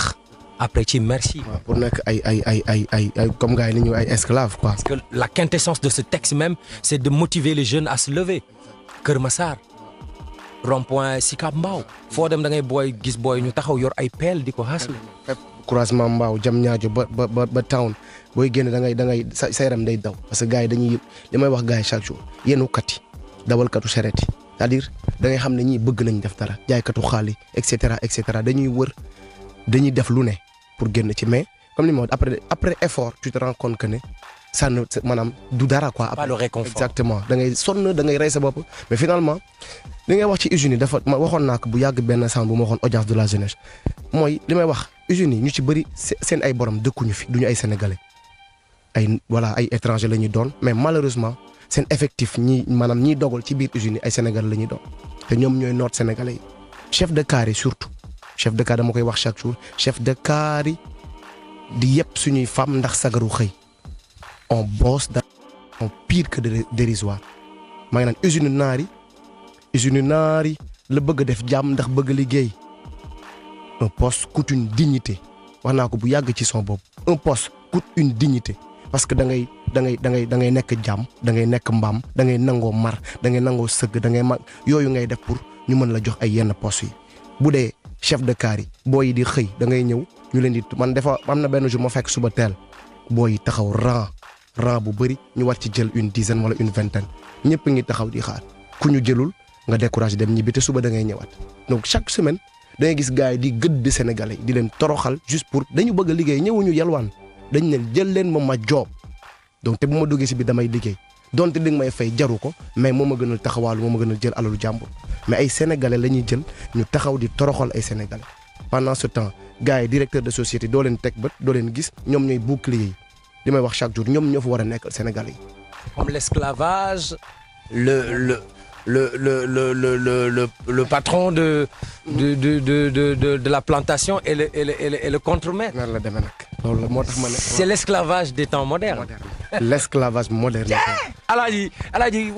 après ci merci. pour nekk ay ay ay ay ay ay comme ni ñu ay esclaves quoi. parce que la quintessence de ce texte même c' est de motiver les jeunes à se lever Kër Massar rond-point Sicap Mbao foo dem da ngay booy gis booy ñu taxaw yor ay peel di ko xaslu. croisement Mbao jam ñaajo ba ba ba town booy génn da ngay da ngay sa day daw parce que gars yi dañuy li may wax gars yi chaque jour yéenukat yi dawalkatu charrette yi c'est-à-dire da ngay xam ne ñii bëgg nañ def dara jaaykatu xaalis et cetera et cetera dañuy wër dañuy def lu ne. pour génn ci mais comme ni ma wax après après effort tu te rends compte maanaam du dara quoi. pas le réconfort exactement da ngay sonn da ngay rey sa bopp. mais finalement li ngay wax ci usines dafa ma waxoon naa ko bu yàgg benn sànq bu ma waxoon audience de la jeunesse mooy li may wax usines yi ñu ci bëri seen ay borom dëkkuñu fi duñu ay sénégalais ay voilà ay étrangers la ñuy doon mais malheureusement seen effectif ñi maanaam ñiy dogal ci biir usines ay sénégalais la ñuy doon te ñoom ñooy noot sénégalais yi chef de carré surtout. chef de car dama koy wax chaque jour chef de car yi di yëpp suñuy femme ndax sagaru xëy on bosse dans pire que dérisoire maa ngi naan usine naar yi usine la bëgg def jàmm ndax bëgg liggéey un poste coûte une dignité wax naa ko bu yàgg ci son bopp un poste coûte une dignité parce que da ngay da ngay da ngay da ngay nekk jàmm dangay nekk mbaam da ngay nangoo mar da ngay nangoo sëgg da ngay mag yooyu ngay def pour ñu mën la jox ay yenn poste yi chef de car yi booy yi di xëy da ngay ñëw ñu leen di man dafa am na benn jour ma fekk suba teel booy yi taxaw rang rang bu bëri ñu war ci jël une dizaine wala une vingtaine ñëpp ngi taxaw di xaar ku ñu jëlul nga découragé dem ñibbi te suba da ngay ñëwaat donc chaque semaine da gis gars yi di gëdd Sénégalais yi di leen toroxal juste pour dañu bëgg a liggéey ñëwuñu yalwaan dañ ne jël leen ma ma joob donc te bu ma duggee si bi damay liggéey donte li nga may fay jaru ko mais moo ma gënal taxawaalu moom ma gënal jël alalu jàmbur mais ay sénégalais la ñuy jël ñu taxaw di toroxal ay sénégalais. pendant temps gars yi directeur de société doo leen teg bët doo leen gis ñoom ñooy bouclier yi li may wax chaque jour ñoom ñoo fa war a nekk sénégalais yi. comme l'esclavage le le. le, le, le, le patron de, de, de, de, la plantation et le, et le, contremaître. C'est l'esclavage des temps modernes. L'esclavage moderne. Aladi, Aladi,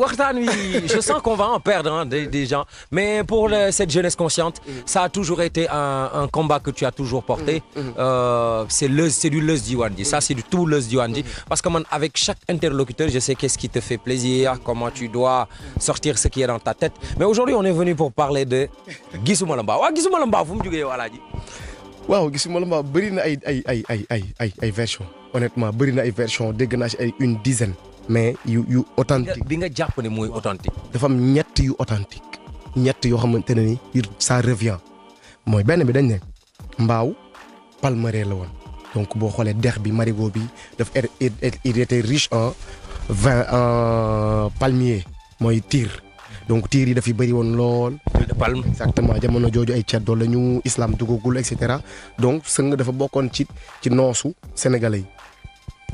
je sens qu'on va en perdre hein, des, des, gens. Mais pour cette jeunesse consciente, ça a toujours été un, un combat que tu as toujours porté. Mm, mm. Euh, c'est du Leus Diwandi. Ça, c'est du tout Leus mm. Parce que man, avec chaque interlocuteur, je sais qu'est-ce qui te fait plaisir, comment tu dois sortir ce qui qui est dans ta tête mais aujourd'hui on est venu pour parler de Gisuma la Mbaaw waaw Gisuma la Mbaaw fu mu jugee walaaj ji. waaw Gisuma la Mbaaw bëri na ay ay ay ay ay ay ay version honnêtement bëri na ay version dégg naa si ay une dizaine. mais yu yu authentique bi nga jàpp ne mooy authentique. dafa am ñett yu authentique ñett yoo xamante ne ni ça revient mooy benn bi dañ ne Mbaaw palmerin la woon donc boo xoolee dex bi marigot bi daf er, er, er, il était riche en vin en palmier mooy tir donc tiir yi dafi bëri woon lool. de palme jamono jooju ay ceddo la ñu islam duggagul et cetera donc sëng dafa bokkoon ci ci noosu sénégalais yi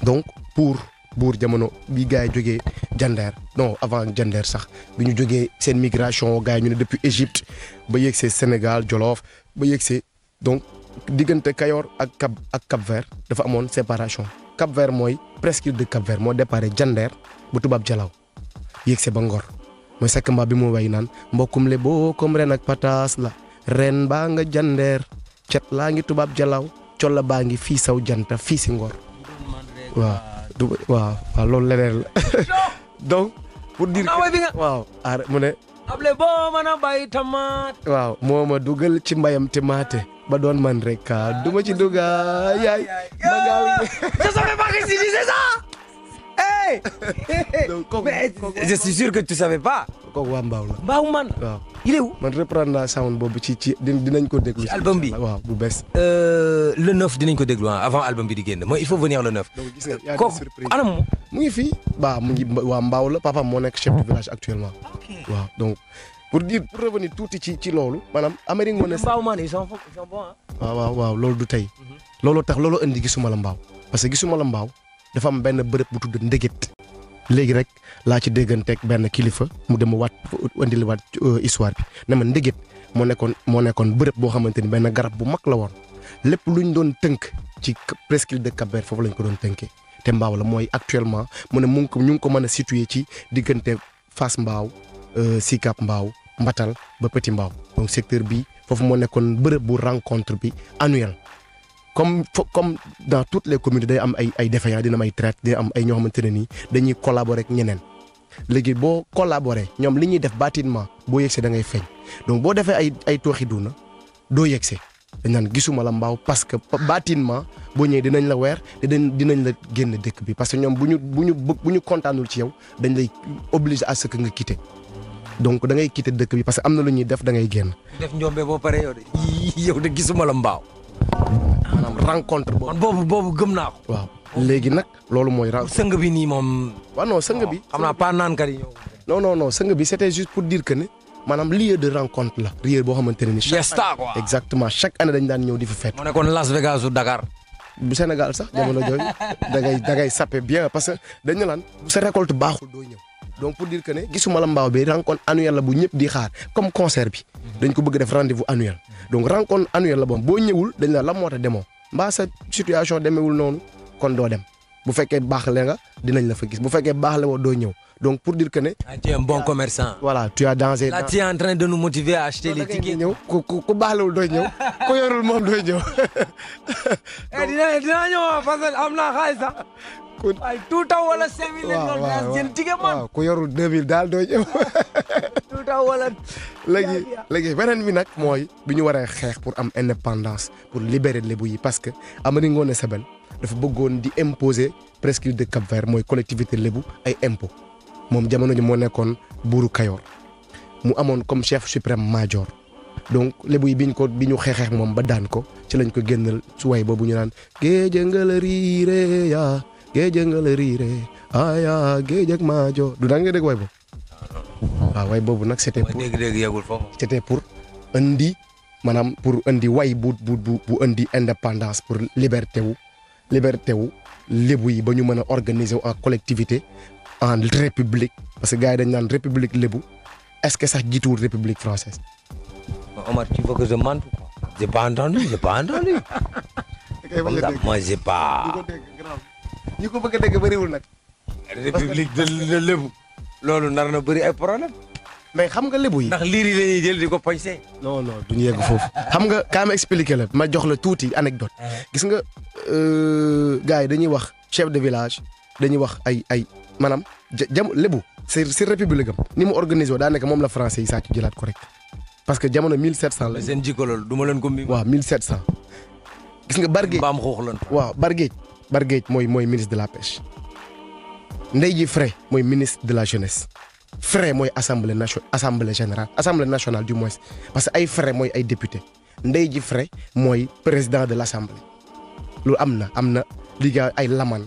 donc pour buur jamono bi gars yi jógee jandeer non avant jandeer sax bu ñu jógee seen migration gars yi ñu ne depuis Égypte ba yegg see Sénégal Jolof ba yegg see donc diggante Kayor ak Cap ak Cap Vert dafa amoon séparation Cap Vert mooy presque de Cap Vert moo départ jandeer bu tubaab Jalaw yegg see ba Ngor. mooy sa combat bi mu way naan mbokkum le boo comme ren ak pataas la ren baa nga jandeer cet laa ngi tubaab jalaw colla baa ngi fii saw janta fii si ngor waaw du waaw waaw loolu leneen la donc pour dire ah, waaw a bay moo ma dugal ci mbayam tamaate ba doon man rek duma ci duga yaay ma gaaw donc kooku je suis sûr que tu savais pas. man. waaw il est où. man reprendre naa boobu ci ci dinañ ko déglu. ci album bi waaw bu bees. Euh, le 9 dinañ ko déglu ah avant album bi di génn mooy il faut venir le 9. donc gis nga yaa ngi surprise kooku anam. mu ngi fii ba mu ngi waa Mbaaw la papa moo nekk chef de village actuellement. waaw donc. pour dire pour revenir tuuti ci ci loolu maanaam Amérique moo ne. mbaaw maa ils sont bons waaw waaw loolu du tey. Mhm. looloo tax loolo indi gisuma la mbaaw parce que gisuma la mbaaw dafa am benn bërëb bu tudd ndégét léegi rek laa ci dégganteeg benn kilifa mu dem waat andil waat euh, histoire bi ne ma ndégét moo nekkoon moo nekkoon bërëb boo xamante ni benn garab bu mag la woon lépp lu ñu doon tënk ci presqu'île de Cap-Vert foofu lañ ko doon tënkee te mbaaw la mooy actuellement mu ne mu ngi ko ñu ngi ko mën a situé ci diggante fas Mbaaw euh, Sicap Mbaaw Mbatal ba Petit Mbaaw donc secteur bi foofu moo nekkoon bërëb bu rencontre bi annuel comme comme dans toutes les communes day am ay ay défaillants dina ay traite dina am ay ñoo xamante ne nii dañuy collaborer ñeneen léegi boo collaborer ñoom li ñuy def bâtiment boo yegsee da ngay feeñ donc boo defee ay ay tooxi duuna doo yegsee dañ naan gisuma la mbaaw parce que bâtiment boo ñëwee dinañ la weer te dinañ la génn dëkk bi parce que ñoom bu ñu bu ñu bu ñu kontaanul ci yow dañ lay obligé à ce nga quitter donc da ngay quitter dëkk bi parce que am na lu ñuy def da ngay génn. def njombe boo paree yow de. yow de gisuma la mbaaw. maanaam rencontre boobu. boobu boobu gëm naa ko. waaw léegi nag loolu mooy. rencontre sëng bi nii moom. waaw non sëng bi. xam naa pas naankat yi. non non non sëng bi c'était juste pour dire que ne maanaam lieu de rencontre la. lieu boo xamante ne nii. fiesta quoi exactement chaque année dañ daan ñëw di fa fête. mu nekkoon Las Vegas ou da ngay da ngay sappe parce que dañu lan sa récolte baaxul doo ñëw donc pour dire que ne gisuma la mbaaw bi rencontre annuelle la bu ñëpp di xaar comme concert bi dañ bëgg def rendez-vous annuel donc rencontre annuelle la boobu boo ñëwul dañ la moo tax demoo mbaa sa situation demewul noonu kon doo dem bu fekkee baax la nga dinañ la fa gis bu fekkee baax woo doo ñëw donc pour dire que ne. ah tu es bon commerçant. voilà tu as dansé. là tu es en train de ñëw ku ku ku baax lawul dooy ñëw ku yorul moom dooy ñëw. Eh, kon waaye tout taw wala cinq mille lañ doon glace jël tige man waaw ku yorul deux mille daal doo jëm tout taw wala léegi léegi beneen bi nag mooy bi ñu waree xeex pour am indépendance pour libérer lébu yi parce que Amari Ngoone Sebel dafa bëggoon di imposer presqu'île de Cap-Vert mooy collectivité lébu ay impôt moom jamono ji moo nekkoon buuru Kayoor mu amoon comme chef suprême major donc lébu yi biñ ko bi ñu xeexeex moom ba daan ko ci lañ ko génnal su way boobu ñu naan géej nga la riire yaa géej nga la riire aya géej ak maajo du daan nga dégg boobu waaw way boobu nag c'était pour dégg pour indi maanaam pour indi way bu bu bu indi indépendance pour liberté wu liberté wu lébu yi ba ñu mën a organiser wu en collectivité en république parce que gars dañ naan république lébu est-ce que sax jiituwul république française Omar tu veux que je mente quoi j'ai pas entendu j'ai pas entendu moi j'ai ñi ko bëgg a dégg bëriwul nag. république de lébu loolu nar na bëri ay problème mais xam nga lébu yi. ndax liir yi la jël di ko poñsee. non non duñu yegg foofu xam nga kaama explique la ma jox la tuuti anecdote uh-huh. gis nga euh, gars yi dañuy wax chef de village dañuy wax ay ay maanaam jam lébu si si république am ni mu organisé woo daanaka moom la français yi saa ci jëlaat ko rek parce que jamono 1700 la. seen jikko loolu du ma leen ko. waaw 1700. gis nga Bargéej mbaam xuux lan. waaw Bargéej Barguéej mooy mooy ministre de la pêche Ndeye ji Frey mooy ministre de la jeunesse Frey mooy assemblée nation assemblée générale assemblée nationale du moins parce que ay Frey mooy ay député Ndeye ji Frey mooy président de l'assemblée loolu am na am na liggéey ay laman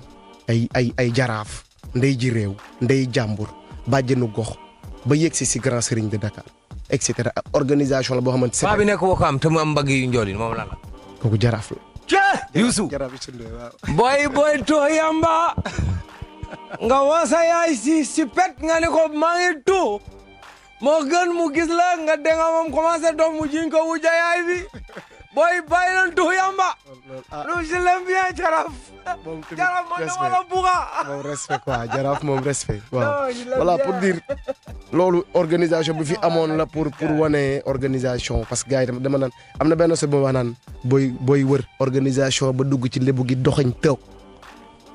ay ay ay jaraaf ndey ji réew ndey jàmbur bàjjenu gox ba yegg si si grand sëriñ de Dakar et cetera organisation la boo xamante ne. paa bi nekk woo ko te mu am mbagg yu njool moom la la. kooku jaraaf Youssou booy booy tux yamba nga wasa yaay si si nga ni ko maa ngi tux moo gën mu gis la nga denga moom commencé doom mu ko wuja yaay bi booy bàyyi leen Doux Yamba. loolu oh, ah non je l'aime bien Jaraaf. Jaraaf moom respect quoi Jaraaf moom loolu organisation bi fi amoon la pour pour wane organisation parce que gars yi dama naan am na benn sëb bu ma naan booy wër organisation ba dugg ci lébu gi doxañ teew.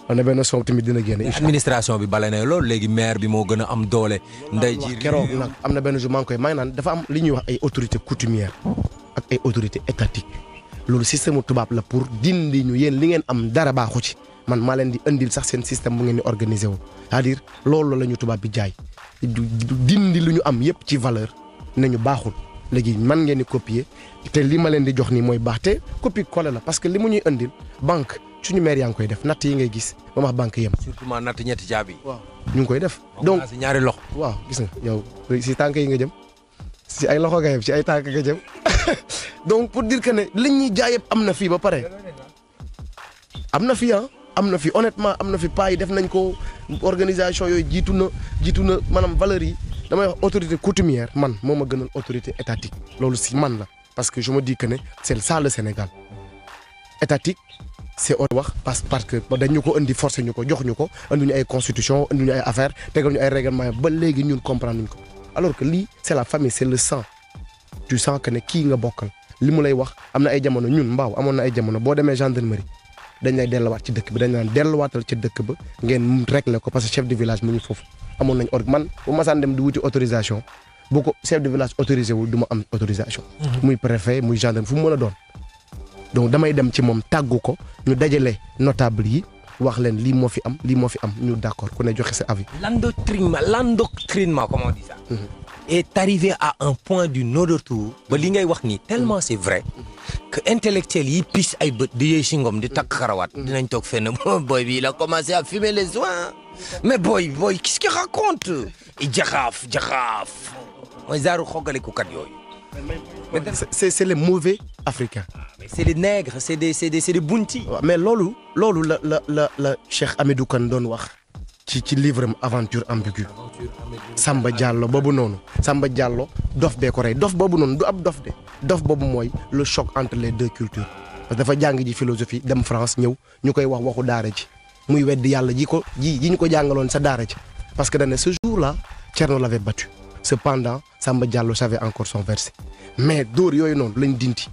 am na benn soow tamit dina génne. administration bi bale na loolu léegi maire bi moo gën am doole. nday ji keroog nag am na benn jour maa naan dafa am li ñuy wax ay autorités coutumières. ak ay autorité étatiques loolu système tubaab la pour dindi ñu yéen li ngeen am dara baaxu ci man ma leen di indil sax seen système bu ngeen ni organiser wu à dire loolu la ñu tubaab bi jaay dindi lu ñu am yépp ci valeur nañu baaxul léegi man ngeen di copier te li ma leen di jox nii mooy baax te la parce que li mu ñuy indil banque suñu maire yaa ngi koy def natt yi ngay gis ba banque yem. surtout ma natt ñetti jaabi. waaw ñu ngi koy def. donc ñaari loxo. waaw gis si tànk yi nga jëm. si ay loxo nga yem si ay tànk nga jëm donc pour dire que ne li ñuy jaay am na fii ba pare am na fii ah, am na fi honnêtement am na fi pas def nañ ko organisation yooyu jiitu na jiitu na maanaam valeurs yi damay wax autorité coutumière man moo ma gënal autorité étatique loolu si man la parce que je ma dis que ne c'est ça le Sénégal étatique c'est au wax parce parce que dañ ñu ko indi forcé ñu ko jox ñu ko indi ñu ay constitution indi ay affaire tegal ñu ay règlement ba léegi ñun comprendre ko alors que lii c'est la famille c'est le sang tu sens que kii nga bokkal li mu lay wax am na ay jamono ñun mbaaw amoon na ay jamono boo demee gendarmerie dañ lay delluwaat ci dëkk bi dañ naan delluwaatal ci dëkk ba ngeen régler ko parce que chef de village mu ngi foofu amoon nañ org man bu masaan dem di wuti autorisation bu ko chef de village autorisé wul du ma am autorisation mhm. muy préfet muy gendarme fu mu mën a doon donc damay dem ci moom tàggu ko ñu dajale notable yi wax leen lii moo fi am lii moo fi am ñu d' accord ku ne joxe sa avis. l'endoctrinement l'endoctrinement comment on dit ça. Mhm. est arrivé à un point du non retour ba li ngay wax ni tellement c'est vrai que intellectuels yi pis ay bët di yëy si ngom di takk xarawaat mhm. nañ toog fenn booy bi il a commencé à fumer les joints mais booy booy qu'est-ce qu'il raconte i jaxaaf jaxaaf mooy zaaru xogaleku kat yooyu c'est les mauvais africains. Ah, c'est les nègres c'est des c'est des c'est des bunti. mais loolu. loolu la la la la Cheikh Hamidou Kane doon wax. ci ci livre am aventure ambiguë. Samba Diallo boobu noonu. Samba Diallo dof bee ko rey dof boobu noonu du ab dof de. dof boobu mooy le choc entre les deux cultures. parce que dafa jàng ji philosophie dem France ñëw ñu koy wax waxu daara ji muy weddi yàlla ji ko ji ji ñu ko jàngaloon sa daara ji parce que dañ ne ce jour là Thierno l'avait battu. cependant Samba Diallo savait encore son verset mais dóor yooyu noonu lañ dinti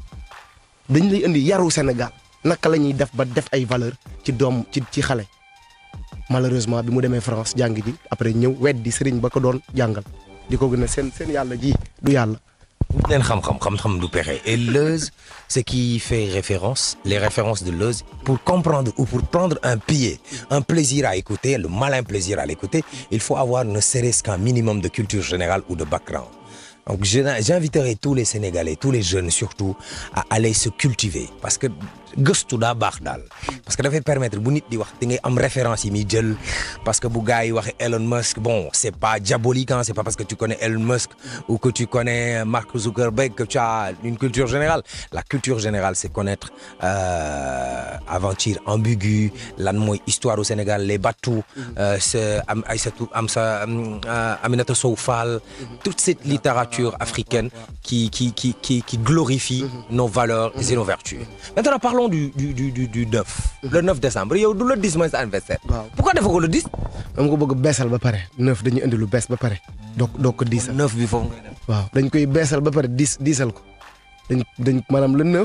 dañ lay indi yaru Sénégal naka la ñuy def ba def ay valeur ci doom ci ci xale. malheureusement bi mu demee France jàng ji après ñëw weddi sëriñ ba ko doon jàngal di ko gën a seen seen yàlla ji du yàlla leen xam-xam xam-xam du pexe et Leuze ce qui fait référence les références de Leuze pour comprendre ou pour prendre un pied un plaisir à écouter le malin plaisir à l'écouter il faut avoir ne serait-ce qu'un minimum de culture générale ou de background donc j'inviterai tous les Sénégalais tous les jeunes surtout à aller se cultiver parce que gëstu daa baax daal parce que dafay permettre bu nit di wax di ngay am référence yi muy jël parce que bu gars yi waxee Elon Musk bon c'est pas diabolique c'est pas parce que tu connais Elon Musk ou que tu connais Mark Zuckerberg que tu as une culture générale la culture générale c'est connaître euh, aventure ambiguë lan mooy histoire au Sénégal les Batous euh, ce am am sa euh, euh, Aminata Sow Fall toute cette littérature africaine qui qui qui qui qui glorifie mhm. nos valeurs et nos vertus maintenant parlons parlons du du du du du 9. le 9 décembre yow du le 10 mooy sa anniversaire. waaw pourquoi defoo ko le 10. dama ko bëgg beesal ba pare 9 dañuy indi lu bees ba pare. doog doog ko diisal 9 bi foofu ngay def. waaw dañ koy beesal ba pare diis diisal ko dañ dañ maanaam le 9.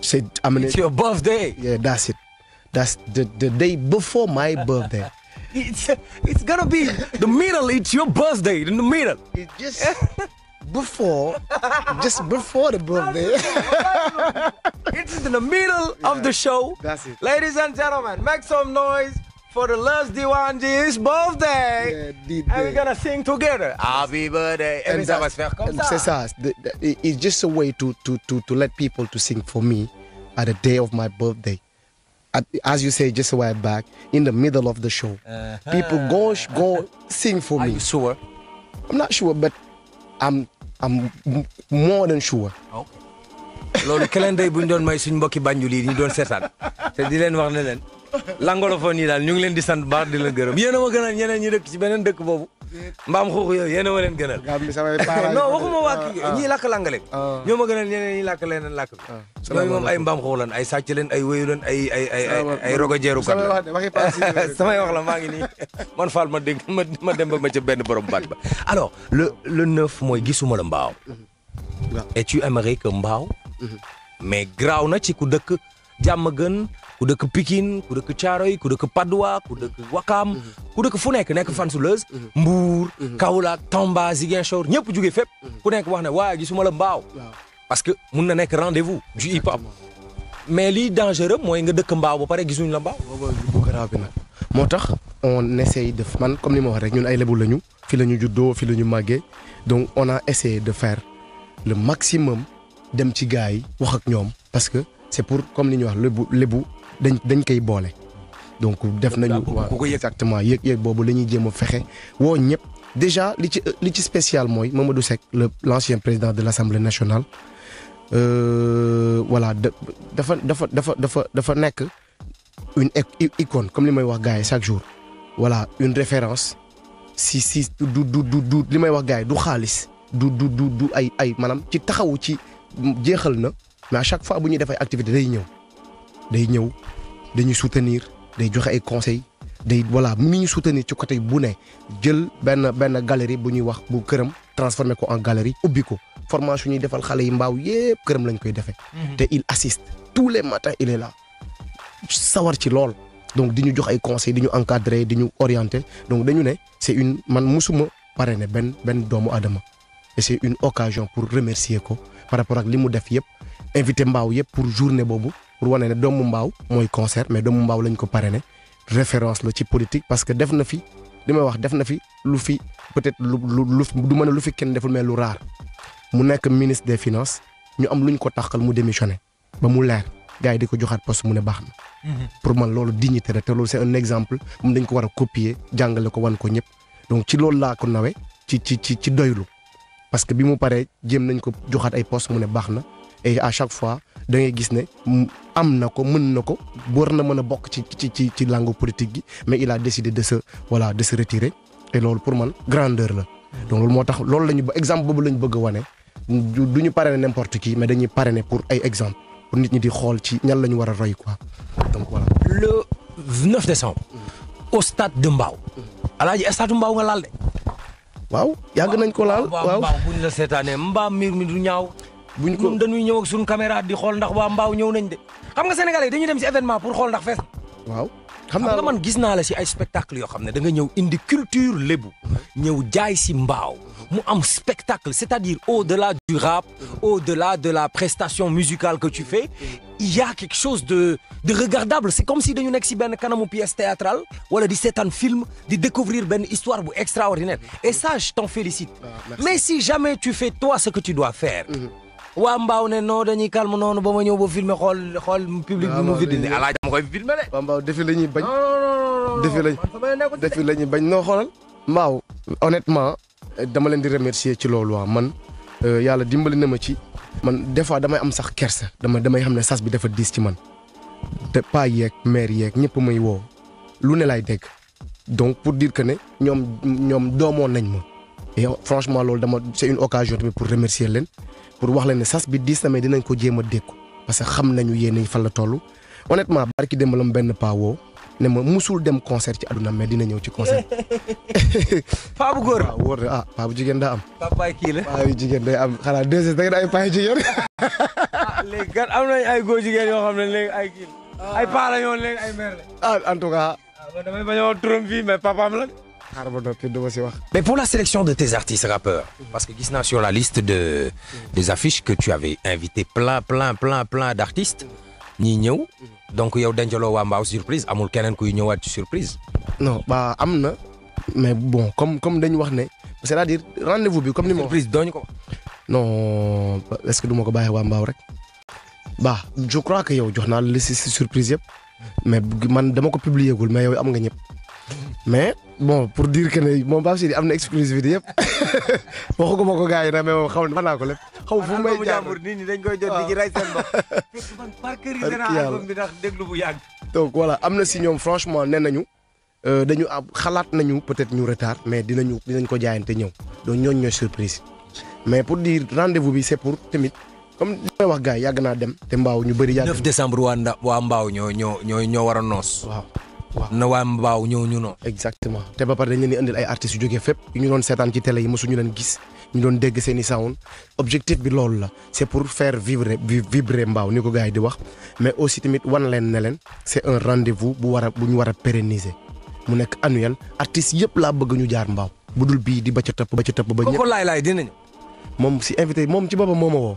c'est am na. it's your birthday. yeah that's it that's the the day before my birthday. it's it's gonna be the middle it's your birthday in the middle. it just. before, just before the birthday. it's in the middle yeah, of the show. That's it. Ladies and gentlemen, make some noise for the last Diwanji's birthday. Yeah, and we're gonna sing together. Happy birthday. And, and ça va se faire comme ça. ça. It's just a way to, to, to, to let people to sing for me at the day of my birthday. As you say just a while back, in the middle of the show, uh -huh. people go go sing for Are me. Are you sure? I'm not sure, but I'm am more than sure. loolu calendrier bu ñu doon may suñ mbokki Banjul yi ñu doon seetaan te di leen wax ne leen langolophone yi daal ñu ngi leen di sant baax di la gërëm yéen a ma ñi dëkk ci beneen dëkk boobu. mbaam xuux yooyu yéen a ma leen gënal. non waxuma waa kii ah. ñii langale. Ah. ñoo ma gënal ñeneen ñi làkk leneen làkk bi. Ah. ñooñu ay mbaam xuux lan ay sàcc leen ay wéyu leen ay ay ay ay ay rogojeeru samay wax la maa ngi nii man Fall ma dégg ma ma dem ba ma ca benn borom baat ba. alors le le neuf mooy gisuma la mbaaw. Mm-hmm. et tu aimerais que mbaaw. Mm-hmm. mais graaw na ci ku dëkk. jàmm gën ku dëkk Pikine ku dëkk Thiaroye ku dëkk Patte d'Oie ku dëkk Wakam mhm. ku dëkk fu nekk nekk fan Suleuze mhm. Mbour mhm. Kaolack Tamba Ziguinchor ñëpp jugee fépp ku nekk wax ne waaye gisuma la mbaaw parce que mun na nekk rendez-vous du mais lii dangereux mooy nga dëkk mbaaw ba pare gisuñu la mbaaw moo tax on essaye de man comme ni ma wax rek ñun ay lebu lañu fi la ñu juddoo fi la ñu màggee donc on a essayé de faire le maximum dem ci gars yi wax ak ñoom que c'est pour comme li ñuy wax lébu lébu dañ dañ koy boole. donc def nañu waaw exactement yéeg yéeg boobu lañuy ñuy jéem a fexe woo ñëpp déjà li ci li ci spécial mooy du Seck le l'ancien président de l'Assemblée nationale. Euh, voilà dafa dafa dafa dafa dafa nekk une icône comme li may wax gars yi chaque jour. voilà une référence si si du du du li may wax gars yi du xaalis du du ay ay maanaam ci taxawu ci jéexal na. mais à chaque fois bu ñuy def ay activité day ñëw day ñëw dañuy soutenir day joxe ay conseils day voilà mu ngi ñu soutenir ci côté bu ne jël benn benn galerie bu ñuy wax bu këram transformé ko en galerie ubbi ko formation ñuy defal xale yi mbaaw yépp këram lañ koy defee. Mhm. te il assiste tous les matins il est là sawar ci lool. donc di ñu jox ay conseils di ñu encadrer di ñu orienter donc dañu ne c'est une man musuma parrainer benn benn doomu aadama et c'est une occasion pour remercier ko par rapport ak li mu def yépp. invité mbaaw yëpp pour journée boobu pour wane ne doomu mbaaw mooy concert mais doomu mbaaw lañ ko parrainé référence la ci politique parce que def na fi wax def na fi lu fi peut-être lu lu du mën lu fi kenn deful mais lu raar mu nekk ministre des finance ñu am luñ ko taxal mu démissionné ba mu leer gars yi di ko joxaat poste mu ne baax na. Mhm. pour man loolu dignité la te loolu c'est un exemple moom dañ ko war a jàngale ko wan ko ñëpp donc ci loolu laa ko nawee ci ci ci ci doylu parce que bi mu paree jéem nañ ko joxaat ay poste ne baax na. et chaque fois da ngay gis ne am na ko mën na ko war na mën a bokk ci ci ci ci langue politique gi mais il a décidé de se voilà de se retirer loolu pour man grandeur la. donc loolu moo tax loolu la ñu exemple boobu la ñu bëgg a wane du ñu parrainer n'importe qui mais dañuy parrainer pour ay exemple pour nit ñi di xool ci ñan la ñu war a roy quoi donc voilà. le 9 décembre. au stade de Mbao. Alaaji stade Mbao nga laal de. waaw yàgg nañ ko laal waaw waaw buñ la seetaanee mbaa mbir mi du ñaaw. buñ ko ñun dañuy ñëw suñu caméra di xool ndax waa mbaaw ñëw nañ de xam nga sénégalais dañu dañuy dem si événement pour xool ndax fees xam nga man gis naa la si ay spectacle yoo xam ne da nga ñëw indi culture lébu ñëw jaay si mbaaw mu am spectacle c'est-à-dire au-delà du rap au-delà de la prestation musicale que tu fais il y a quelque de de regardable c'est comme si dañu nekk si benn kanamu pièce théâtrale wala di seetaan film di découvrir benn histoire bu extraordinaire et ça je t'en félicite ah, mais si jamais tu fais toi ce que waa mbaaw ne non dañuy calme noonu ba ma ñëw ba filmer xool xool bi mu viddi ne alaaji ma koy filmer de waa mbaaw defi la ñuy bañ la ñuy bañ noo xoolal mbaaw honnêtement dama leen di remercier ci loolu waa man euh, yàlla dimbali na ma ci man des fois damay am sax kersa dama damay xam ne sas bi dafa diis ci man te paa yeeg maire yeeg ñëpp may woo lu ne laay dégg donc pour dire que ne ñoom ñoom doomoon nañ ma et franchement loolu dama c'est une occasion tamit pour remercier leen pour wax la ne sas bi diis na mais dinañ ko jéem a dékku parce que xam nañu yéen fan la toll honnêtement barki démb la benn paa woo ne ma musul dem concert ci àdduna mais dina ñëw ci concert. paa bu góor waaw wóor na ah, jigéen daa am. kii la paa yu jigéen day am xanaa deux heures da ngeen ay paa yu jigéen. Ah, léegi am nañ ay góor jigéen yoo xam ne léegi ay kii ay paa la ñu woon ay mère la. ah en tout cas. waaw ah, man damay xaaral ma noppi du ma si wax. mais pour la sélection de tes artistes rappeurs. parce que gis sur la liste de des que tu avais invité plein plein plein plein ñi ñëw. donc yow Denjaloo waa Mbaaw surprise amul keneen kuy ñëwaat ci surprise. non ba am na. mais bon comme comme dañu wax ne. c' est à dire rendez bi comme ni ma. surprise dooñu ko. non est ce que du ma ko bàyyi waa Mbaaw rek. ba je crois que yow jox naa la si surprise yëpp. mais man dama ko publier gul mais yow am nga ñëpp. mais bon pour dire que ne moom Pape Sidi am na exclusivité yëpp waxuma ko gars yi nag mais moom xaw ma naa ko lépp. xaw fu may jàmbur nit ñi dañ koy jot di ci rey seen bopp. fekk man parkerisé naa album bi ndax déglu bu yàgg. donc voilà am na si ñoom franchement nee nañu euh, dañu am xalaat nañu peut-être ñu retard mais dinañu dinañ ko jaayante ñëw donc ñooñu ñooy surprise mais pour dire rendez-vous bi c'est pour tamit. comme li may wax gars yi yàgg naa dem te mbaaw ñu bëri. yàgg 9 décembre waa Nda waa mbaaw ñoo ñoo ñoo ñoo war a noos. waaw na waa mbaaw ñëw ñu noonu. exactement te ba pare dañ leen di indil ay artistes yu ñu doon seetaan ci télé yi mosuñu leen gis ñu doon dégg seen i objectif bi loolu la c' est pour faire vibrer vibrer mbaaw ni ko gars yi di wax mais aussi tamit wan leen ne leen est un rendez vous bu war a bu ñu war a pérenniser mu nekk annuel artistes yëpp laa bëgg ñu jaar mbaaw bu dul bii di ba ca tëpp ba ca tëpp ba ñëpp kooku laay laay dinañ. moom si invité moom ci boppam moom ma woo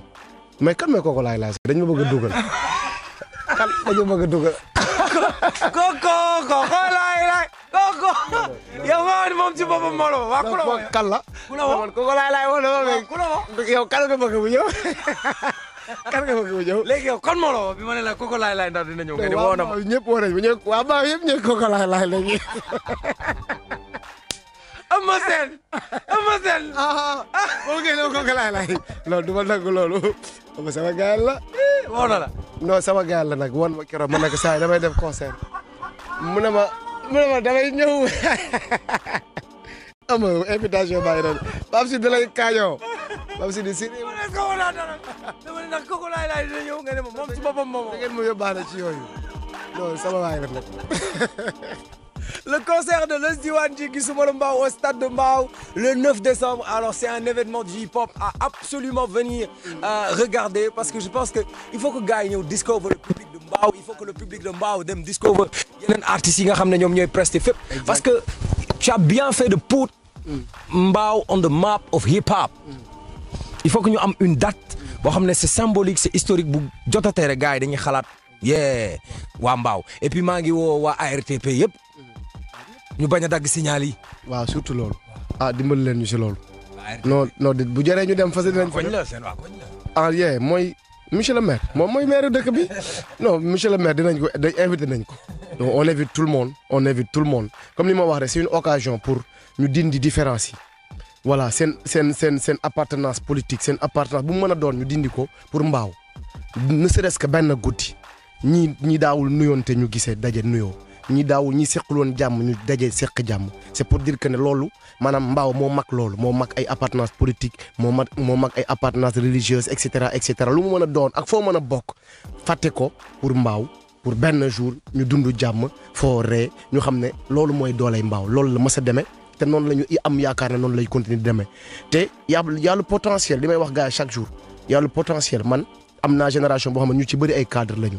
mais kan mooy kooku laay laay dañ ma bëgg a dugal kan ここここ laay laay ko ko yow maa ni moom ci boppam moo la woo waa ku la woo kan la ku la woo ko ko laay laay woo la woo ku la woo yow kan nga bëgg bu ñëw kan nga bëgg bu ñëw léegi yow kon moo la woo bi ma ne la ko ko laay laay nga ne woo na ma ñëpp woo nañ ma ñëpp Eumeu Sène Eumeu Sène. ah ah boo génnee ko ko laay laay loolu du ma nangu loolu Eumeu sama gaay la. woo na la. non sama gaay la nag wan ma keroog ma nag saa yi damay def concert mu ne ma mu ne ma damay ñëw ama invitation baa ngi doon Pape Sidi lay kaayoo Pape Sidi si. ma ne ko wala dara dama ne nag kooku laay laay dina ñëw nga ne ma moom si boppam moom. da ngeen ma yóbbaale ci yooyu non sama waay la nag. le concert de Leuz Diwane ji gisuma la Mbao au stade de Mbao le 9 décembre alors c'est un événement du hip-hop à absolument venir euh, regarder parce que je pense que il faut que gars yi ñëw discover le public de Mbao il faut que le public de Mbao dem discover yeneen artistes nga xam ne ñoom ñooy prester fépp parce que tu as bien fait de put mbaaw on the map of hip-hop il faut que ñu am une date boo xam ne c'est symbolique c'est historique bu jotateere gars yi dañuy xalaat yee waa mbaaw et puis maa ngi woo waa yëpp ñu bañ a dagg signal yi. waaw surtout loolu. a ah, dimbali leen ñu si loolu. noo de bu jëree ñu dem fas yéene. ko koñ seen waaw ah, yee mooy monsieur le maire moom mooy maire dëkk bi non monsieur le maire dinañ ko day nañ ko. donc on invite tout le monde on invite tout le monde comme li ma wax rek c'est une occasion pour ñu dindi différence yi. voilà seen seen seen seen appartenance politique seen appartenance bu mu mën a doon ñu dindi ko pour mbaaw nu serait-ce que benn guddi ñii ñi daawul nuyoon te ñu gisee daje nuyoo. ñi daaw ñi sequl woon jàmm ñu daje seq jàmm c'est pour dire que ne loolu maanaam mbaaw moo mag loolu moo mag ay appartenance politique moo mag moo mag ay appartenance religieuse et cetera et cetera lu mu a doon ak foo a bokk fàtte ko pour mbaaw pour benn jour ñu dundu jàmm foo ree ñu xam ne loolu mooy doolay mbaaw loolu la mës a demee te noonu la ñu am yaakaar ne noonu lay continuer di demee te y'a y'a le li may wax gars yi chaque jour y'a man am naa génération boo xam ne ñu ci bëri ay cadre lañu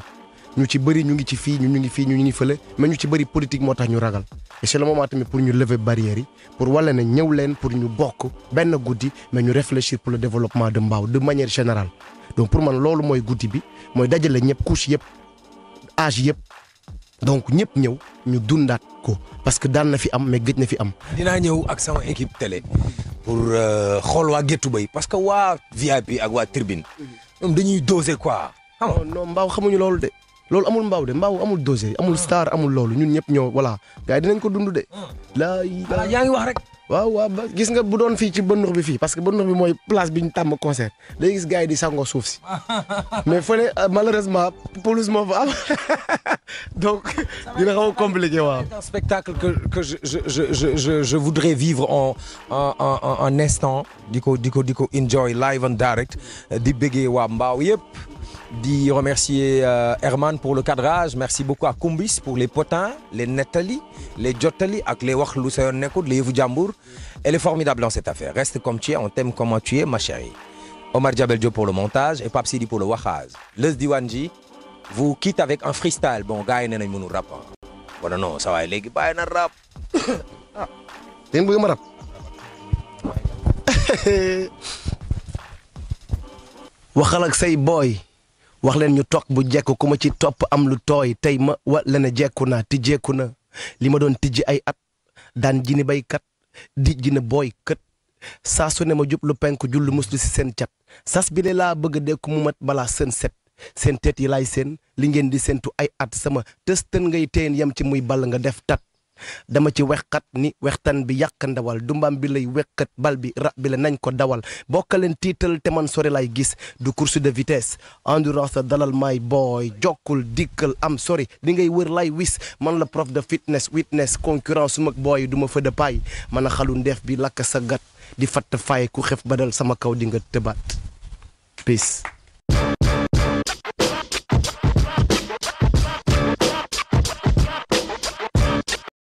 ñu ci bëri ñu ngi ci fii ñu ñu ngi ñu ngi fële mais ñu ci bëri politique moo tax ñu ragal et c'est le moment tamit pour ñu lever barrières yi pour wala na ñëw leen pour ñu bokk benn guddi mais ñu réfléchir pour le développement de Mbao de manière générale. donc pour man loolu mooy guddi bi mooy dajale ñëpp couche yëpp âge yëpp donc ñëpp ñëw ñu dundaat ko parce que daan na fi am mais gëj na fi am. dinaa ñëw ak sama équipe télé pour euh, xool waa getu Bay parce que waa VIP ak waa Tribune. ñoom dañuy doser quoi. Oh non xamuñu loolu de. loolu amul mbaaw de mbaaw amul dosé amul ah. star amul loolu ñun ñëpp ñoo voilà gars yi dinañ ko dund de. Ah. la yaa ngi wax rek. waaw waaw ba gis nga bu doon fii ci bënnux bi fii parce que bënnux bi mooy place bi ñu tàmm concert day gis gars yi di sangoo suuf si mais fële euh, malheureusement pelouse moo fa am donc dina xaw a compliqué waaw. spectacle que que je je je je je voudrais vivre en instant di ko di ko di ko enjoy live and direct euh, di bëggee waa mbaaw yëpp. di remercier euh, Herman pour le cadrage merci beaucoup à Kumbis pour les potins les nettali les jottali ak les wax lu sa yoon nekkut les yëfu jàmbur elle est formidable dans cette affaire reste comme tu es on t'aime comment tu es ma chérie Omar Diabel Diop pour le montage et Pape Sidi pour le waxage Leuz Diwane G vous quitte avec un freestyle bon gars yi nee nañ mënu rap ah. wala non saa waay léegi bàyyi na rap. ah dégg nga bëgg ma rap. waxal ak say boy. wax leen ñu toog bu jekk ku ma ci topp am lu tooy tey ma wa la jekku naa ti jekku na li ma doon tijji ay at daan jini baykat di jina booy kët saa su ne ma jub lu penk jullu muslu si seen cat sas bi de laa bëgg dekku mu mat balaa seen set seen teet yi laay seen li ngeen di séentu ay at sama tëstën ngay téyen yam ci muy ball nga def tat dama ci wexxat ni wextan bi yàq ndawal mbaam bi lay wexxat bal bi rab bi la nañ ko dawal bokkaleen tiital te man sori lay gis du course de vitesse endurance dalal may booy jokkul dikkal am sori li ngay wër lay wis man la prof de fitness witness concurrence su mag booy du ma fa de paay man a xalu ndeef bi lakk sa gat di fatt fay ku xef dal sama kaw di nga tëbaat